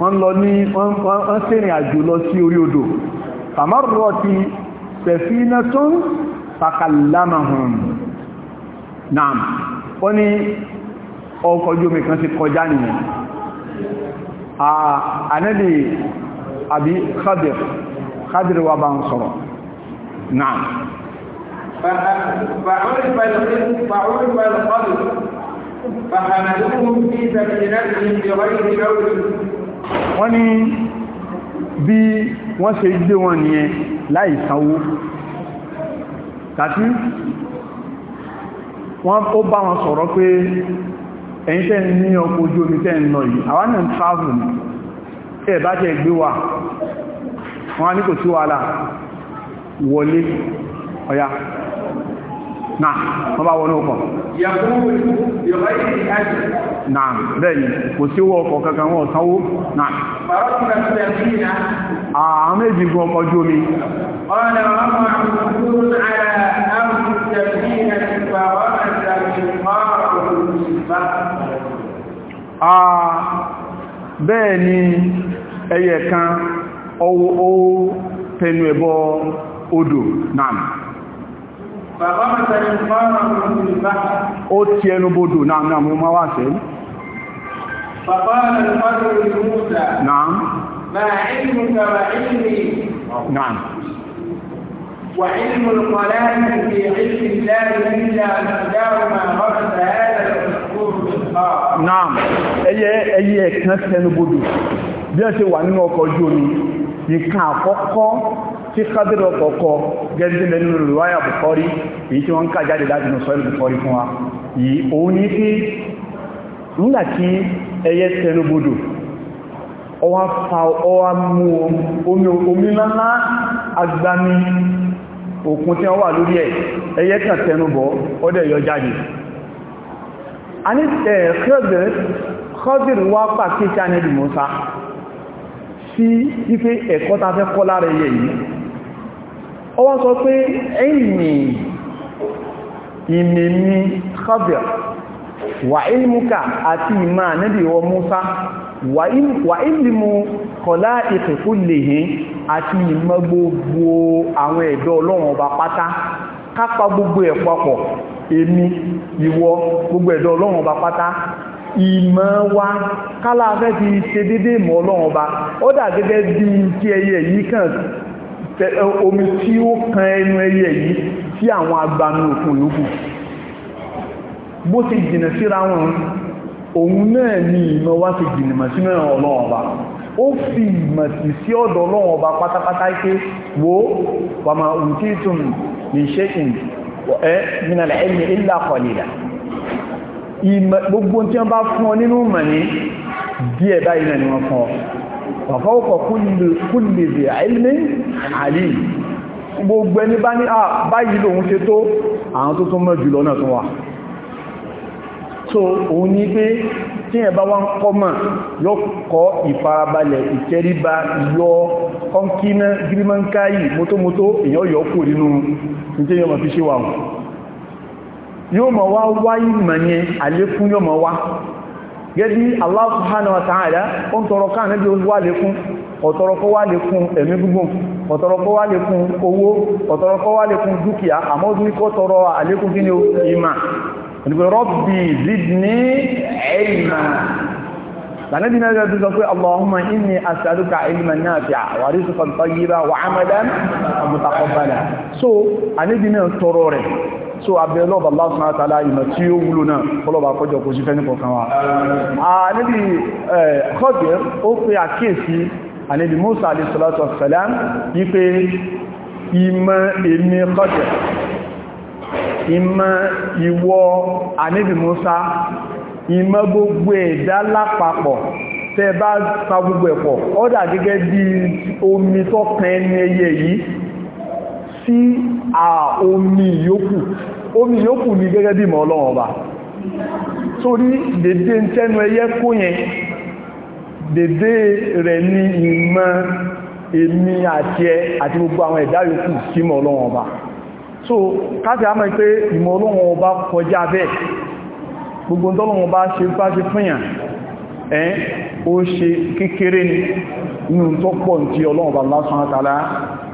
wọ́n lọ ní wọ́n sẹ́rìn àjò lọ sí orí odò fàmọ́rọ̀ ti sẹ̀fínà tó ń pàkàlámàhùn náà wọ́n ní ọkọ̀ ojú omi kan ti kọjá nìyàn ànẹ́lì àbí Khadir Khadir wa bá ń sọ̀rọ̀ náà فعرف القدر فحملوهم في سكنتهم بغير قول wọ́n ní bí wọ́n ṣe gbé wọn nìyẹn láì sanwó tàbí wọ́n ó bá wọn sọ̀rọ̀ pé ẹ̀yin tẹ́ ní ọkọ̀ ojú omi tẹ́ ń lọ yìí àwọn náà travel tẹ́ bá tẹ́ gbé wà wọ́n á ní kò sí wàhálà wọlé ọ̀yá náà wọ́n bá wọnú ọkọ̀ náà bẹ́ẹ̀ni kò sí owó ọkọ̀ kankan wọ́n sanwó náà àwọn méjì gun ọkọ̀ ojú omi bẹ́ẹ̀ni ẹyẹ kan ọwọ́ ó tẹnu ẹ̀bọ odò ó ti ẹnu bodò náà náà mú máa wà sẹ́yìn Nàám. Nàám. وعلم القلائم في علم الله إلا مقدار ما غرس هذا المذكور بالقاع. نعم. ẹyẹ ẹyẹ ẹ̀kan sẹ́nu bodò bí wọ́n ṣe wà nínú ọkọ̀ ojú omi nìkan àkọ́kọ́ tí kádìrò kọ̀ọ̀kọ́ gẹ́gẹ́ lẹ́nu rìwáyà Bukhari èyí tí wọ́n ń kà jáde láti nù sọ́rọ̀ Bukhari fún wa yìí òun ní pé nígbà tí ẹyẹ tẹnubodò ọwá fa ọwá mú omi ńlá agbami òkun tí wọ́n wà lórí ẹ̀ ẹyẹ kàn tẹnubọ̀ ọdẹ̀ yọ jáde a ní kọ́dìrì wá pàkíkà ní ìdìmọ́sá sí ife ẹ̀kọ́ ta fẹ́ kọ́ lára ẹyẹ yìí ó wá sọ pé ẹ̀yìn ìmẹ̀mí khabir wà ilmùka àti ìmá níbi ìwọ Musa wà ilmù kọlá ìpẹ̀kú lèyí àti ìmọ̀ gbogbo àwọn ẹ̀dọ́ ọlọ́run ọba pátá kápa gbogbo ẹ̀ papọ̀ èmi ìwọ gbogbo ẹ̀dọ́ ọlọ́run ọba pátá ìmọ̀ wa kálá fẹ́ fi ṣe dédé ìmọ̀ ọlọ́run ọba ó dà gẹ́gẹ́ bí kí ẹyẹ yìí kàn omi tí ó kan ẹnu ẹyẹ yìí tí àwọn agbami òkun yòókù bó ti jìnà síra wọn òun náà ni ìmọ̀ wá ti jìnà sínú ẹ̀rọ ọlọ́run ọba ó fi ìmọ̀ sí sí ọ̀dọ̀ ọlọ́run ọba pátápátá pé wo wàmà òtítùn lè ṣe ẹ̀ mìnàlẹ̀ ẹ̀mí ìlà kọ̀lìlà ìmọ̀ gbogbo tí wọ́n bá fún ọ nínú mọ̀ ní díẹ̀ báyìí náà ni wọ́n fún ọ fàfọ́kọ̀ kúlè dè àìlè àlè gbogbo ẹni bá ní báyìí lòun ṣe tó àwọn tó tún mọ̀ jùlọ náà tún wà so òun ní pé tí ẹ̀ bá wọ́n kọ́ mọ̀ yóò kọ́ ìfarabalẹ̀ ìtẹríba yọ kọ́nkínà gírímọ́nkáyì mótómótó èyàn yọ kò nínú tí yọ mọ̀ fi ṣe wà yóò mọ̀ wá wáyìí mọ̀ yẹn àlékún yóò wá gẹ́bí Allah subhanahu wa ta'ala ó ń tọrọ káà níbi wà lékún ọ̀tọ̀rọ̀kọ́ wà lékún ẹ̀mí gúgbùn ọ̀tọ̀rọ̀kọ́ wà lékún owó ọ̀tọ̀rọ̀kọ́ wà lékún dúkìá àmọ́dúnkọ́ tọrọ àlékún kí ni ìmà Rabbi zidni ilma lànàbí náà yóò dúdọ pé Allahumma inni as'aluka ilman nafi'a so àníbi náà tọrọ so abẹ́ ọlọ́ọ̀bà Allah subhanahu wa ta'ala ìmọ̀ tí ó wúlò náà ọlọ́ọ̀bà kọjọ kò sí fẹ́ni kọ̀ọ̀kan wa níbi Khadir ó pe àkíyèsí àníbi Musa alayhi salatu wassalam ní pé ìmọ̀ èmi Khadir ìmọ̀ ìwọ àníbi Musa ìmọ̀ gbogbo ẹ̀dá lápapọ̀ tẹ bá sa gbogbo ẹ̀pọ̀ ọ́dà gẹ́gẹ́ bí omi tọ́kàn ẹni ẹyẹ yìí sí à omi yòókù omi yòókù ní gẹ́gẹ́ bí mọ́ ọlọ́run ọba torí dédé tẹ́nu ẹyẹ kó yẹn dédé rẹ̀ ní ìmọ̀ èmi àti ẹ àti gbogbo àwọn ẹ̀dá yòókù sí mọ́ ọlọ́run ọba so káfí a mọ̀ pé ìmọ̀ ọlọ́run ọba kọjá bẹ́ẹ̀ gbogbo tọ́lọ́run ọba ṣe bá ṣe fúnyàn ẹ́n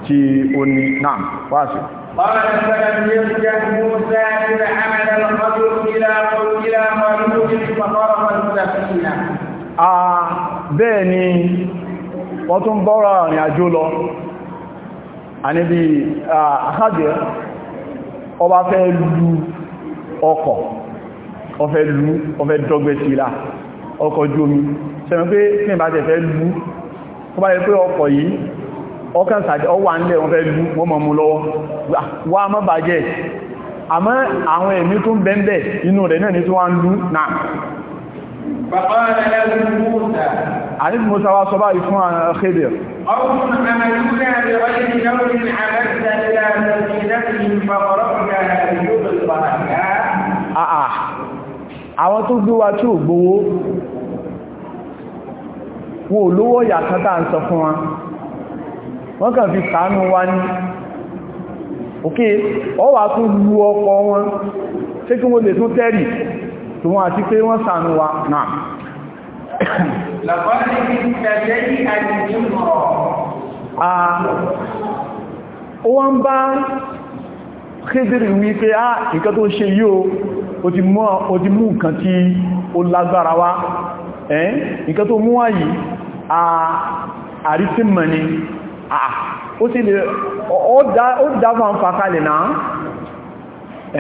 tí ó ní náà wáṣẹ̀. قال فلم يرجع موسى إذ حمل الرجل إلى إلى مريض فضرب السفينة. آه bẹ́ẹ̀ ni wọ́n tún bọ́ra rìn àjò lọ àníbi àkájẹ́ ọba fẹ́ lu ọkọ̀ ọfẹ́ lú ọfẹ́ dọ́gbẹ́ sí ilá ọkọ̀ ojú omi ṣẹ́mọ̀ pé ní ìbájẹ̀ fẹ́ lú ọba yẹ pé ọkọ̀ yìí ọkàn sàdé ọwà ń lẹ̀ wọ́n fẹ́ lú wọ́n mọ̀ mú lọ́wọ́ wà mọ́ bàjẹ́ àmọ́ àwọn ẹ̀mí tó ń bẹ́ẹ̀ inú rẹ̀ náà ní tó wá ń lú náà bàbá rẹ̀ àníbì Musa wá sọ báyìí fún Khidir àwọn tó gbé wa tí ò gbówó wọn ò lówó ìyà kan tá à ń sọ fún wọn wọ́n kàn fi ṣàánú wa ní òkè ọwà tún lú ọkọ wọn ṣé kí wọ́n lè tún tẹ́rì tó wọ́n àti pé wọ́n ṣàánú wa náà ó wọ́n bá kédèrè wí pé á nǹkan tó ṣe yóò ó ti mú nǹkan tí ó lágbára wá ẹ́ nǹkan tó mú wáyìí àrísí mọ̀ ni àà ah, ó sì lè ó dá fàǹfà kalẹ̀ náà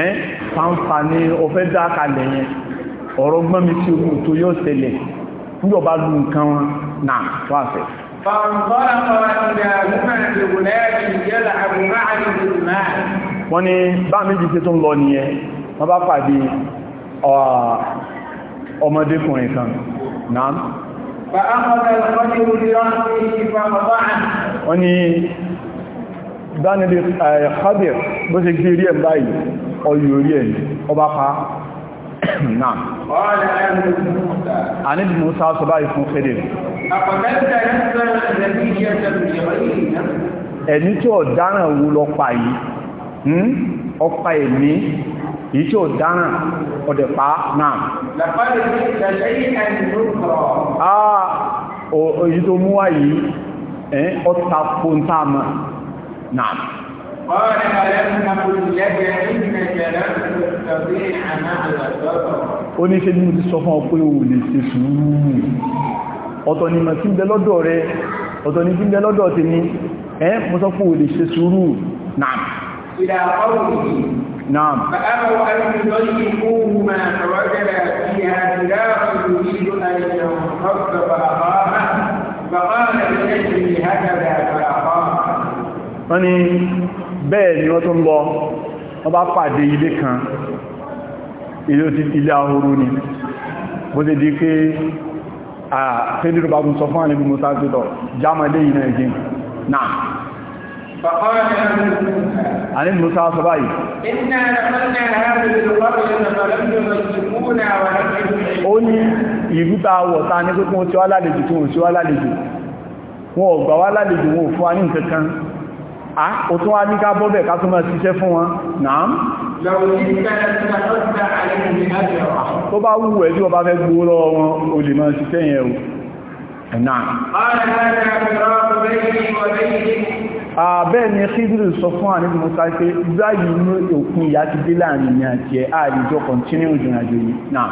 ẹ́ fàǹfà ni ó fẹ́ dá kalẹ̀ yẹn ọ̀rọ̀ gbọ́nmi tí ó tó yóò ṣẹlẹ̀ níjọba lu nǹkan wọn náà wà fẹ́ wọ́n ní bá méjì tí tó ń lọ nìyẹn wọ́n bá pàdé ọmọdékùnrin kan náà wọ́n ni dánilé ẹ̀kọ́dẹ̀ bó ṣe gbé rí ẹ̀ báyìí ọyọ̀ orí ẹ̀ ọba pa náà a níbi mú sáà sọ báyìí fún kéde ẹni tí ọ̀dáràn wo lọ pa yìí ọpa hmm? ẹ̀mí èyí tí ó dáràn ọ̀dẹ̀ pa náà ah, èyí tó mú wá yìí ọta pọ̀ntàmà náà قال فلم نقل لك انك لم تستطيع مع الصبر ó ní ṣe ní mo ti sọ fún ọ pé o lè ṣe sùúrù ọ̀tọ̀ ni mo ti ń bẹ lọ́dọ̀ rẹ ọ̀tọ̀ ni ti ń bẹ lọ́dọ̀ tèmi ẹ́ mo sọ pé o lè ṣe sùúrù náà إلى قومه نعم فأبوا أن يضيقوه ما فوجد فيها سلاح يريد أن ينقض فأقامه فقال لأجل هكذا فأقامه wọ́n ní bẹ́ẹ̀ ni wọ́n tó ń lọ wọ́n bá pàdé ilé kan ilé ahoro ni bó ti di pé sọ fún àníbí mọ́sáàtìtọ̀ jámọ́lé ìrìnà ìjìn náà عن الموسى صباي إنا نقلنا هذه القرية فلم يمسكونا ولم يمسكونا ìlú ta wọ̀ ta ní pípún tí wá lálejò tí wọ́n tí wá lálejò wọn ò gbà wá fún wa ní a ò tún wá ní ká bọ́bẹ̀ ká tún máa ṣiṣẹ́ fún wọn náà tó bá wù ẹ̀ tí wọ́n bá fẹ́ gbó lọ wọn o lè máa ṣiṣẹ́ yẹn o Ah, bẹ́ẹ̀ ni ṣídìrì sọ fún àníbì Musa pé báyìí ní òkun ìyá ti dé láàrin ní àti ẹ̀ àìjọ kọ̀ntínú ìrìnàjò yìí náà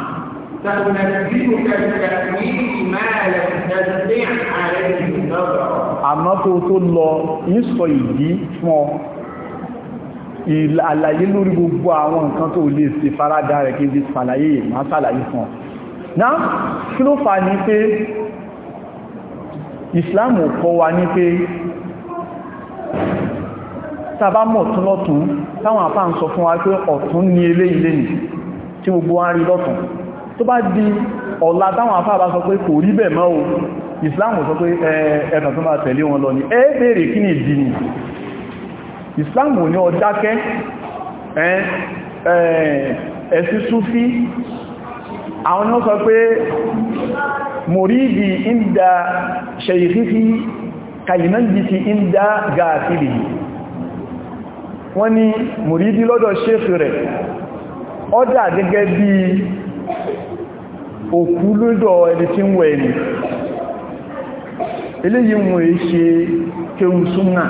àmọ́ kó tó lọ ń sọ ìdí fún ọ àlàyé lórí gbogbo àwọn nǹkan tó lè ṣe faradà rẹ̀ kí n kọ́ wa ní pé tàbá mọ̀ tún lọ́tún táwọn àpá ń sọ fún wa pé ọ̀tún ní eléyìí lẹ́yìn tí gbogbo wa rí lọ́tún tó bá di ọ̀la táwọn àpá bá sọ pé kò rí bẹ̀ mọ́ o Islam sọ pé ẹ̀ẹ̀tàn tó máa tẹ̀lé wọn lọ ní ẹ bèèrè kí ni ìdí ni Islam ò ní ọdákẹ́ ẹ̀sí súfí àwọn ni ó sọ pé mòrídìí ń da ṣe ìfífí kàlìmọ́ wọ́n ní mùrídí lọ́dọ̀ ṣéfì rẹ̀ ọdá gẹ́gẹ́ bí òkú lọ́dọ̀ ẹni tí ń wẹ̀ ẹni eléyìí mú è ṣe kéhùn súnmà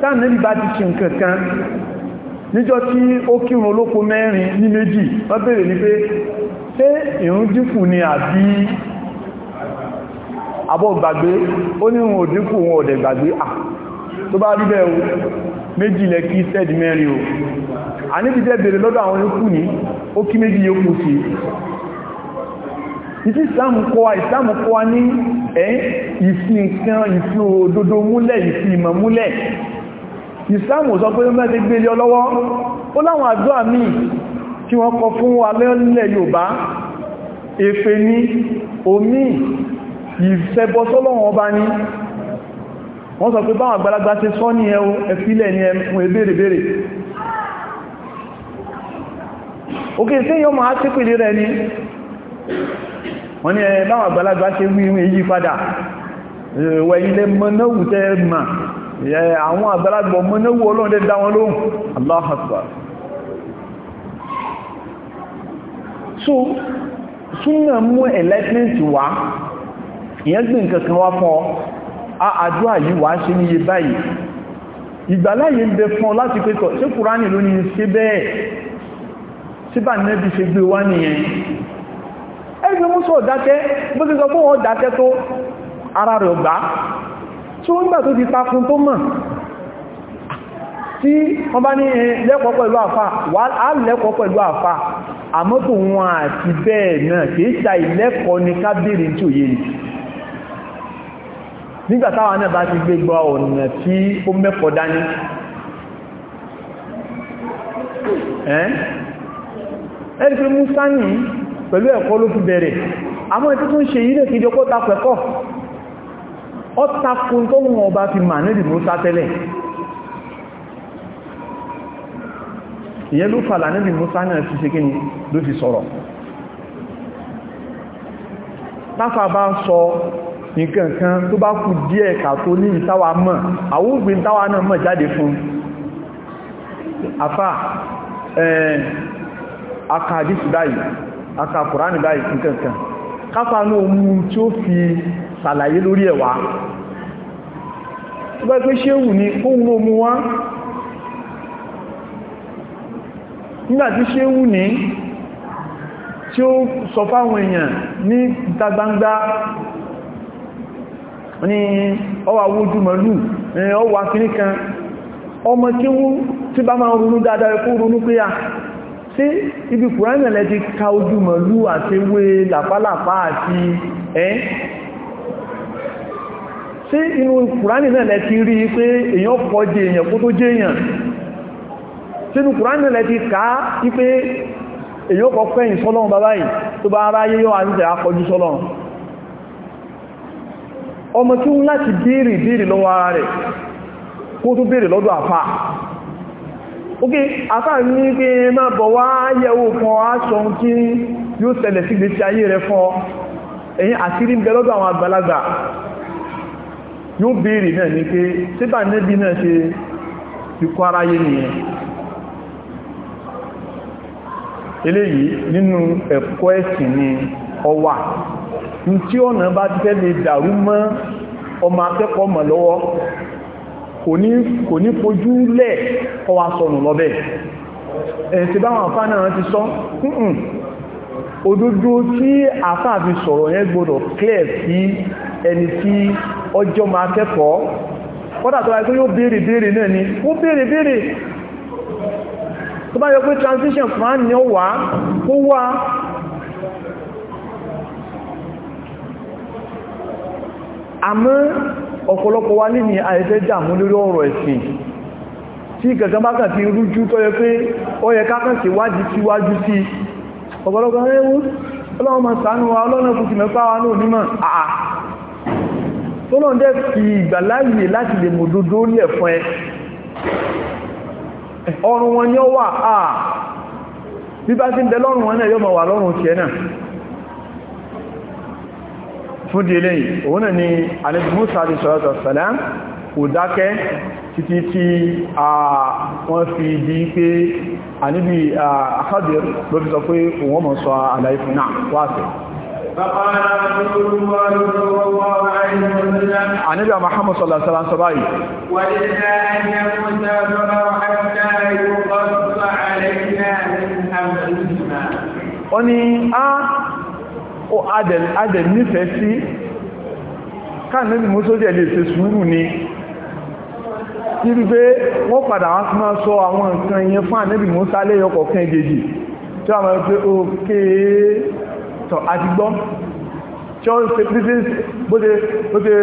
táàmì níbi bá ti ṣe nǹkan kan níjọ́ tí ó kírun olóko mẹ́rin ní méjì wọ́n bèèrè ní pé ṣé ìrun dínkù ni àbí abọ́ gbàgbé ó ní òdínkù wọn ọ̀dẹ̀ gbàgbé tó bá rí bẹ́ẹ̀ o méjì lẹ kí sẹ́ẹ̀dì mẹ́rin o a níbi jẹ́ bèèrè lọ́dọ̀ àwọn yóò ní ó kí méjì yóò kú sí ìsí ìsìláàmù kọwa ìsìláàmù kọwa ní ẹ́ ìsìn kan ìfi òdodo múlẹ̀ ìfi ìmọ̀ múlẹ̀ ìsìláàmù sọ pé mẹ́rin gbélé ọlọ́wọ́ ó láwọn àdúrà míì tí wọ́n kọ fún alẹ́lẹ̀ Yorùbá èfè ní omi ìfẹ́bọ́sọ́lọ́wọ́n ọba ní wọ́n sọ pé báwọn àgbàlagbà ṣe sọ ní ẹ ẹ̀fílẹ̀ ní ẹmù ẹbẹ̀rẹ̀bẹ̀rẹ̀ òkè sí yọ́ máa tí pèlè rẹ̀ ní wọ́n ní ẹ báwọn àgbàlagbà ṣe wí ìwé yí padà wẹ̀ ilẹ̀ mọ́náwù tẹ́ mà àwọn àgbàlagbà mọ́náwù ọlọ́run dá wọn lóhùn Allahu Akbar so súnà mú enlightenment wá ìyẹn gbìn kankan wá fún ọ àdúrà yìí wà ṣe níye báyìí ìgbàláyé ń bẹ fún ọ láti pẹ́tọ̀ ṣe kùránì ló ní ṣe bẹ́ẹ̀ síbà nẹ́bí ṣe gbé wá nìyẹn ẹgbẹ́ mú sọ dákẹ́ bó ti sọ fún ọ dákẹ́ tó ara rẹ̀ ọgbà tí ó ń gbà tó ti takun tó mọ̀ tí wọ́n bá ní lẹ́kọ̀ọ́ pẹ̀lú àfà àmọ́tò wọn àti bẹ́ẹ̀ náà kìí ṣàìlẹ́kọ̀ọ́ ni ká bèèrè tí ò yé ni nígbà táwa náà bá ti gbé gba ọ̀nà tí ó mẹ́kọ̀ọ́ dání ẹni pé Musa ní pẹ̀lú ẹ̀kọ́ ló fi bẹ̀rẹ̀ àmọ́ ètò tó ń ṣe yílẹ̀ kí jọpọ̀ ta pẹ̀kọ́ ọ takun tó mú ọba fi mà nílì Musa tẹ́lẹ̀ ìyẹn ló fàlà nílì Musa náà fi ṣe kíni ló fi sọ̀rọ̀ táfà bá sọ nǹkan kan tó bá kù díẹ̀ kàtó ní ìtawà mọ̀ àwúgbì ìtawà náà mọ̀ jáde fún afá akàdísì báyìí akàkùránì báyìí nǹkan kan káfà náà mú tí ó fi sàlàyé lórí ẹ̀wà tó tí ó sọ fáwọn èèyàn ní ìta ní ọwà wójú mọ̀lú ọwà kìní kan ọmọ kí wú tí bá máa dáadáa ẹkú ronú pé à sí ibi kùránìlẹ̀ ti ka ojú mọ̀lú àti wé làpálàpá àti ẹ́ sí inú kùránìlẹ̀ ti rí pé èyàn jẹ èyàn kó tó jẹ èyàn kùránìlẹ̀ ti ká èyàn pẹ́yìn ọmọ kí láti béèrè béèrè lọ́wọ́ ara rẹ̀ kó tó béèrè lọ́dọ̀ àfà ok àfà ní pé má bọ̀ wá yẹ̀wò kan aṣọ kí yóò ṣẹlẹ̀ sí gbèsè ayé rẹ fún ẹ̀yìn àṣírí ń bẹ lọ́dọ̀ àwọn àgbàlagbà yóò náà ní pé síbà nẹ́bí náà ṣe tí ọ̀nà bá ti fẹ́ lè dàrú mọ́ ọmọ akẹ́kọ̀ọ́ mọ̀ lọ́wọ́ kò ní fojú lẹ̀ ọwà sọnù lọ́bẹ̀ ẹ̀sì báwọn àfá náà ti sọ ǹkan òdodo tí àfá fi sọ̀rọ̀ yẹn gbọdọ̀ clear sí ẹni tí ọjọ́ ma kẹ́kọ̀ọ́ kọ́dà tó láìpẹ́ yóò béèrè béèrè náà ni ó béèrè béèrè tó bá yọ pé transition plan ni ó wà ó wà àmọ́ ọ̀pọ̀lọpọ̀ wa ní ní àìfẹ́ jàmú lórí ọ̀rọ̀ ẹ̀sìn tí gẹ̀gẹ́ bá kàn ti rújú tó yẹ pé ó yẹ ká kàn sí wájú sí wájú sí ọ̀pọ̀lọpọ̀ ẹwú ọlọ́run ma ṣàánú wa ọlọ́run fún ti mẹ́fà wa náà nímọ̀ àà tó lọ́n dẹ́ fi ìgbàláyè wọn ni wà àà bí bá ti ń bẹ lọ́rùn wọn náà yóò máa wà lọ́rùn tiẹ̀ náà fún délé òun náà ni alẹ́gbùmúsà àti sọ́rọ̀tọ̀ sẹ̀lẹ̀ kò dákẹ́ títí tí a wọ́n fi di pé a níbi àkádìr ló fi sọ pé òun mọ̀ sọ àlàyé fún náà wáṣẹ̀ Àníbí a "Ah, adẹ̀ nífẹ̀ẹ́ sí káàkiri mú sójẹ̀ lè ṣe sùúrù ni irúgbé wọ́n padà wọ́n máa sọ àwọn nǹkan yẹn fún ànẹ́bì Mùsá lẹ́yọkọ̀ kan ìdèjì tí a máa pé òkè tọ̀ àti gbọ́ tí ó ṣe pípí bó ṣe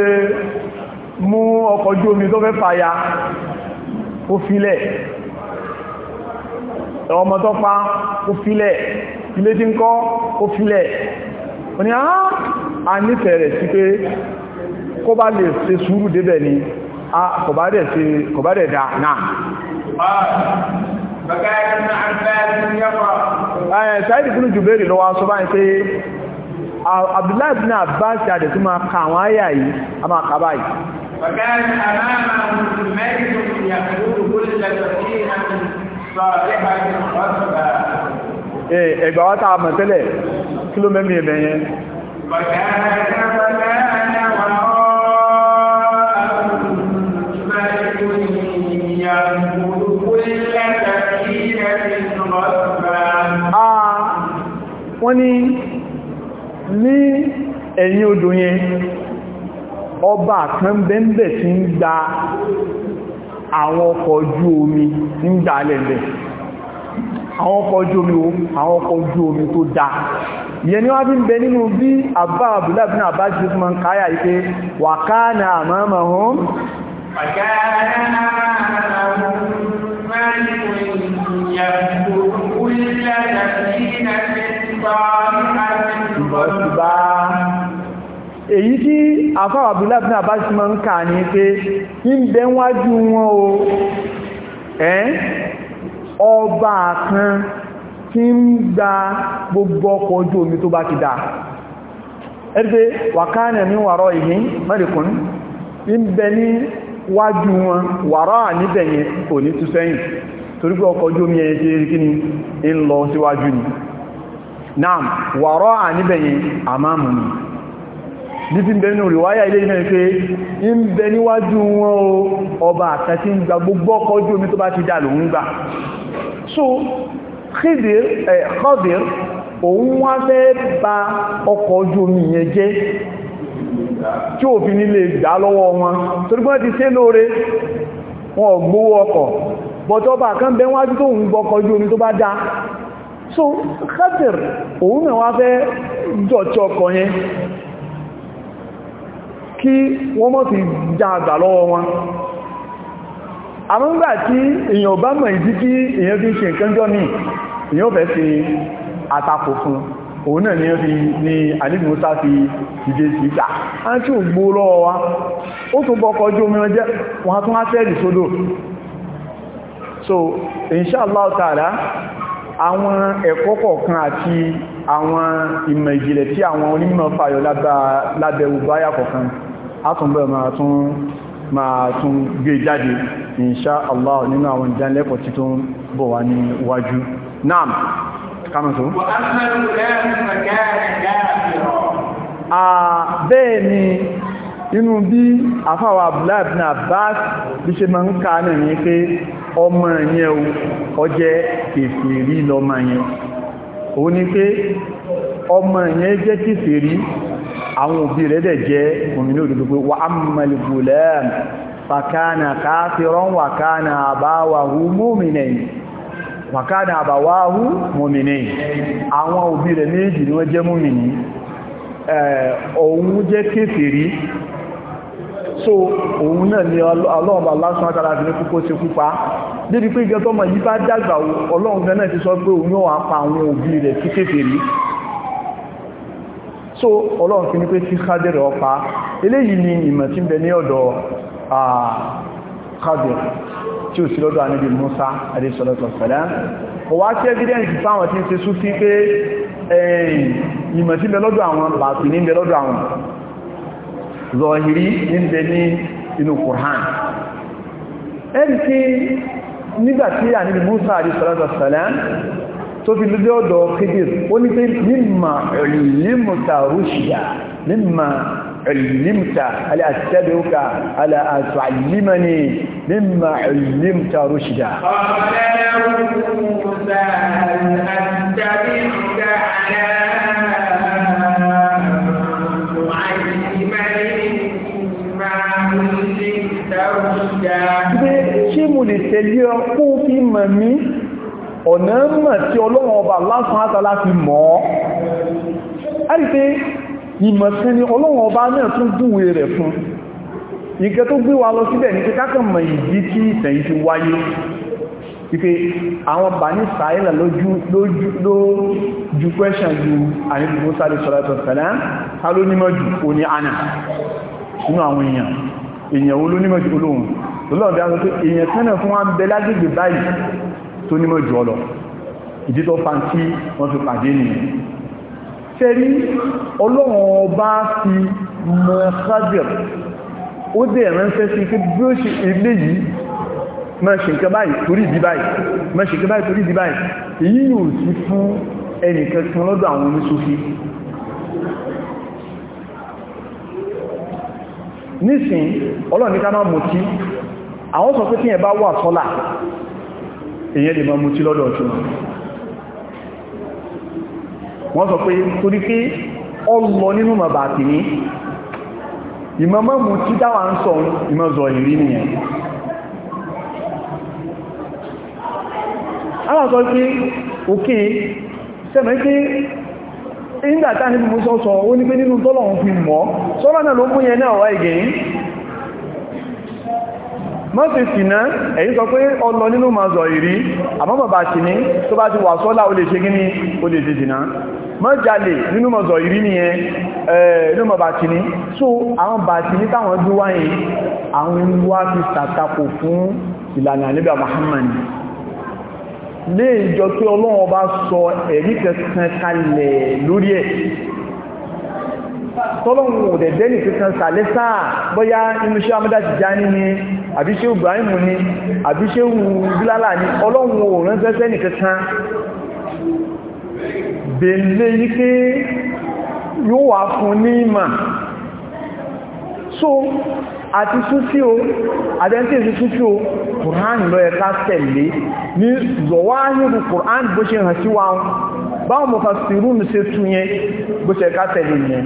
mú ọkọ̀ ojú omi tó fẹ́ fàya ó filẹ̀ ọmọ tó pa ó filẹ̀ ilé tí ń kọ́ ó filẹ̀ wọ́n ni ah, a nífẹ̀ẹ́ rẹ̀ sí pé kó bá lè ṣe sùúrù débẹ̀ ni a kò bá dẹ̀ ṣe kò bá dẹ̀ dà náà Sáyidì fún Jùbẹ́rì lọ́wọ́ sọ báyìí pé Abdullahi bin Abbas àdẹ̀ tí máa ka àwọn ayà yìí, a máa ka báyìí. Bàbáyìí àmáàmà mẹ́rin kí ló mẹ́mí ẹ̀bẹ̀ yẹn ah, wọ́n ní ní ẹ̀yìn odò yẹn ọba kan bẹ́m̀bẹ̀ tí ń gba àwọn ọkọ̀ ojú omi ń gbà lẹ́bẹ̀ẹ́ àwọn ọkọ̀ ojú omi o àwọn ọkọ̀ ojú omi tó dáa ìyẹn ni wọ́n bí ń bẹ nínú bí àbá àbúlá bí àbá jù fún ọmọ káyà yìí pé wà káàna àmọ́mọ́ hún èyí tí àfáwà àbúlá bí àbá jù mọ́ ń kà ní pé ń bẹ wájú wọn o ẹ́ ọba kan tí ń gba gbogbo ọkọ̀ ojú omi tó bá ti dáa ẹgbẹ́ wàkánà ní wàrọ̀ ìhín mẹ́rìnkún ń bẹ ní wájú wọn wàrọ̀ níbẹ̀yẹn kò ní tú sẹ́yìn torí pé ọkọ̀ ojú omi ẹyẹ ti rí kíni ń lọ síwájú ni náà wàrọ̀ àmáàmù ni ní fi ń bẹ ilé iná pé ń bẹ níwájú wọn o ọba àtàtí ń gba gbogbo ọkọ̀ ojú omi tó bá ti dà lòun gbà so Khidir eh, Khadir òun wá fẹ́ ba ọkọ̀ ojú omi yẹn jẹ́ tí òfin nílé gbà lọ́wọ́ wọn torípọ́n ti ṣe lóore wọn gbówó ọkọ̀ bọ̀tọ́bà kan bẹ wájú tó ń gbọ́kọ̀ ojú omi tó bá dá so Khadir òun náà wá fẹ́ jọ̀tí kí wọ́n mọ́ ti já àgbà lọ́wọ́ wọn àmúgbà tí èyàn bá mọ̀ ìdí kí èyàn fi ṣe nǹkan jọ ní èyàn fẹ́ ṣe àtakò fún òun náà ni fi ní àníbì fi ìdè sí ìta a ń tí ò gbó lọ́wọ́ wa ó tún bọ́kọ̀ ojú omi ọjẹ́ wọn tún á tẹ́ẹ̀lì sódò so inshallah ta'ala àwọn ẹ̀kọ́ kọ̀ọ̀kan àti àwọn ìmọ̀ ìjìnlẹ̀ tí àwọn onímọ̀ fàyọ lábẹ́ ọgbáyà kọ̀ọ̀kan átùnbẹ̀ máa tún máa tún gbé jáde insha Allah nínú àwọn ìdánilẹ́kọ̀ọ́ tí tó ń bọ̀ wá ní iwájú naam kamatu bẹ́ẹ̀ ni inú bí àfáwà abdullahi ibn abbas bí ṣe máa ń ká náà ní pé ọmọ yẹn ó jẹ́ kèfèrí lọ́mọ yẹn òun ni pé ọmọ yẹn jẹ́ kèfèrí àwọn òbí rẹ̀ dẹ̀ jẹ́ òmìnà òdòdó pé wà ámàlì gùlẹ́m fàkánà káfíràn wàkánà àbáwàhú múmìnà wàkánà àbáwàhú múmìnà àwọn òbí rẹ̀ méjì ni wọ́n jẹ́ múmìnà òun jẹ́ kéfèrí so òun náà ni ọlọ́ọ̀bà lásán àkàrà fi ní kúkó sí kúpa débi pé ìjọ tọ́mọ̀ yí bá dàgbà ọlọ́run náà ti sọ pé òun yóò wá pa àwọn òbí rẹ̀ sí kéfèrí so ọlọ́run fi ní pé tí Khadir ọpa eléyìí ni ìmọ̀ tí ń bẹ ní ọ̀dọ̀ Khadir tí ó sí lọ́dọ̀ ànábì Musa alayhi salatu wassalam ó wá sí evidence fáwọn tí ń ṣe súfí pé ìmọ̀ tí ń bẹ lọ́dọ̀ àwọn bàtì ní ń bẹ lọ́dọ̀ àwọn zọ̀hìrí ní ń bẹ ní inú Qur'an ẹni tí nígbàtí ànábì Musa alayhi salatu tó fi lórí ọ̀dọ̀ Khidir ó ní pé mímà ẹ̀lìmùta rúṣìdà mímà ẹ̀lìmùta aláàtẹ́bẹ̀ọ́ka aláàtọ̀àlìmọ́ni mímà ẹ̀lìmùta rúṣìdà Ṣé mo lè tẹ̀lé ọ kó fi mọ̀ mí ọ̀nà mọ̀ tí ọlọ́run ọba lásán átàlá fi mọ́ ẹ́rì pé ìmọ̀ sí ni ọlọ́run ọba náà tún dúnwé rẹ̀ fún ìkẹ́ tó gbé wa lọ síbẹ̀ ní kíkákànmọ̀ ìdí tí ìtẹ̀yí ti wáyé wípé àwọn bà ní sàílà lójú lójú kwẹ́ṣàn ju àníbùkú sáré sọ́lọ́tọ̀ tẹ̀lẹ́ ta ló nímọ̀ jù ó ní ànà nínú àwọn èèyàn èèyàn olónímọ̀ jù olóhun lọ́lọ́dá sọ pé èèyàn tẹ́nà fún wa ń bẹ lágbègbè báyìí tó nímọ̀ jù ọlọ̀ ìdí tó pàǹtí wọ́n fi pàdé nìyàn tẹ́rí ọlọ́run ọba fi mọ̀ Khadir ó dẹ̀ ránṣẹ́ sí pé bí ó ṣe ilé yìí mẹ́ṣe nǹkan báyìí torí ìdí báyìí mẹ́ṣe nǹkan báyìí torí ìdí báyìí èyí yóò sí fún ẹnìkan tí wọ́n lọ́dọ̀ àwọn oníṣòfí nísìn ọlọ́run ní ká máa mọ̀ tí àwọn sọ pé tí ẹ bá wà sọ́là èyàn lè máa mutí lọ́dọ̀ ọ̀tún wọ́n sọ pé torí pé ọlọ nínú màbà àti ní ìmọ̀ mọ́ mutí dáwà ń sọ ìmọ̀ zọ ìrí nìyẹn àwọn sọ pé òkè sẹ́mẹ́ pé ìgbàtà nínú sọ́sọ́ ó ní pé nínú tọ́lọ̀ má ṣe sìná ẹ̀yin sọ pé ọlọ nínú ma zọ ìrí àmọ́ bàbá sí ní tó bá ti wà sọ́lá o lè ṣe gíní o lè ṣe sìná má jalè nínú ma zọ ìrí nìyẹn nínú ma bà sí ní so àwọn bà sí ní táwọn dún wáyé àwọn wá fi sàtakò fún tọ́lọ́hun ò dẹ̀dẹ́ ní kankan sàlẹ̀ sáà bọ́yá inú ṣe amúdá ti já ní ni àbí ṣe Ibrahim ni àbí ṣe Bílálà ni ọlọ́hun ò ránṣẹ́ṣẹ́ ní kankan bèèlè yí pé yóò wà fún ní ìmà so àti súnfí o àdẹ́ntí ìsú súnfí o Quran lọ ẹ̀ká tẹ̀lé ní zọ̀wá nínú Quran bó ṣe hàn sí báwọn mọ̀fà sírùn ṣe tún bó ṣe ẹ̀ká tẹ̀lé yẹn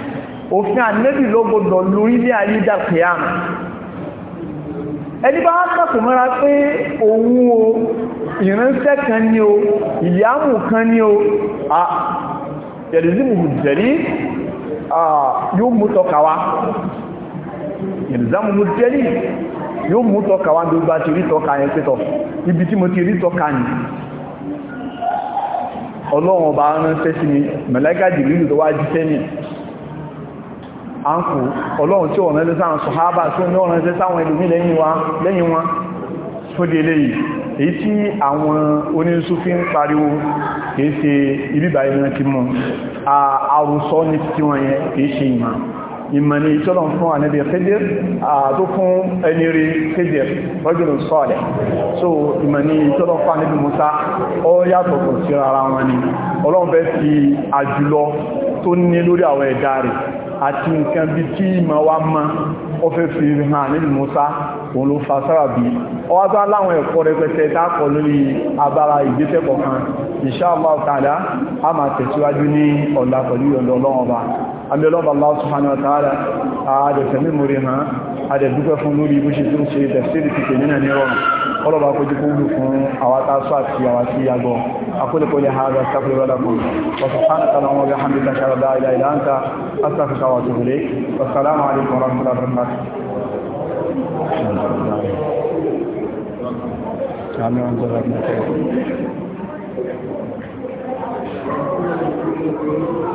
òfin ànẹ́bì ló gbọdọ̀ lórí ní àyídà kìíyàmù ẹni bá kàkùn mọ́ra pé òun o ìránṣẹ́ kan ni o ìyàmù kan ni o a yẹ̀rìzìmù jẹ̀rí yóò mú tọ́kawa yẹ̀rìzìmù jẹ̀rí yóò mú tọ́kawa bí ó bá ti rí tọ́ka yẹn pẹ́tọ̀ ibi tí mo ti rí tọ́ka ni ọlọ́run ọba ránṣẹ́ sí mi mẹ̀lẹ́gàjì lílù tó wá jíṣẹ́ ni à ń kú ọlọ́run tí ọ̀nà ẹlẹ́sà ń sọ̀hábà tí ó ní ọ̀nà ẹlẹ́sà àwọn ẹlùmí lẹ́yìn wọn tó di eléyìí èyí tí àwọn oníṣúfí ń pariwo kìí ṣe ibíbà ìrìnà ti mọ́ àrùsọ ní títí wọn yẹn kìí ṣe ìmọ̀ ìmọ̀ ni ìṣọ́lọ̀ fún ànẹ́bí Khidir tó fún ẹni rí Khidir rọ́jùlù sọ́ọ̀lẹ̀ so ìmọ̀ ni ìṣọ́lọ̀ fún ànẹ́bí Musa ó yàtọ̀ kò sí ara wọn ni Ọlọ́run fẹ́ fi àjùlọ tó ní lórí àwọn ẹ̀dá rẹ̀ àti nǹkan bí tí ìmọ̀ wa ma ó fẹ́ fi hàn nínú Musa òun ló fa sábàbí ọwá tó láwọn ẹ̀kọ́ rẹpẹtẹ dákọ̀ lórí abala ìgbésẹ̀ kọ̀ọ̀kan insha a máa tẹ̀síwájú ní ọ̀la pẹ̀lú ọ̀dọ̀ abẹ́lọ́bà Allah subhanahu wa ta'ala àádẹ̀fẹ̀ mímúrí ma àdẹ̀dúgbẹ́ fún lórí bó ṣe tún ṣe tẹ̀sílì tìtẹ̀ nínà ní rọrùn ọlọ́bà kojú kó wúlò fún àwátá sọ àti àwátí yàgọ́ akólẹ̀kọ́lẹ̀ hàrá sáfẹ́lẹ́wọ́dàkùn wassalamu alaikum warahmatullahi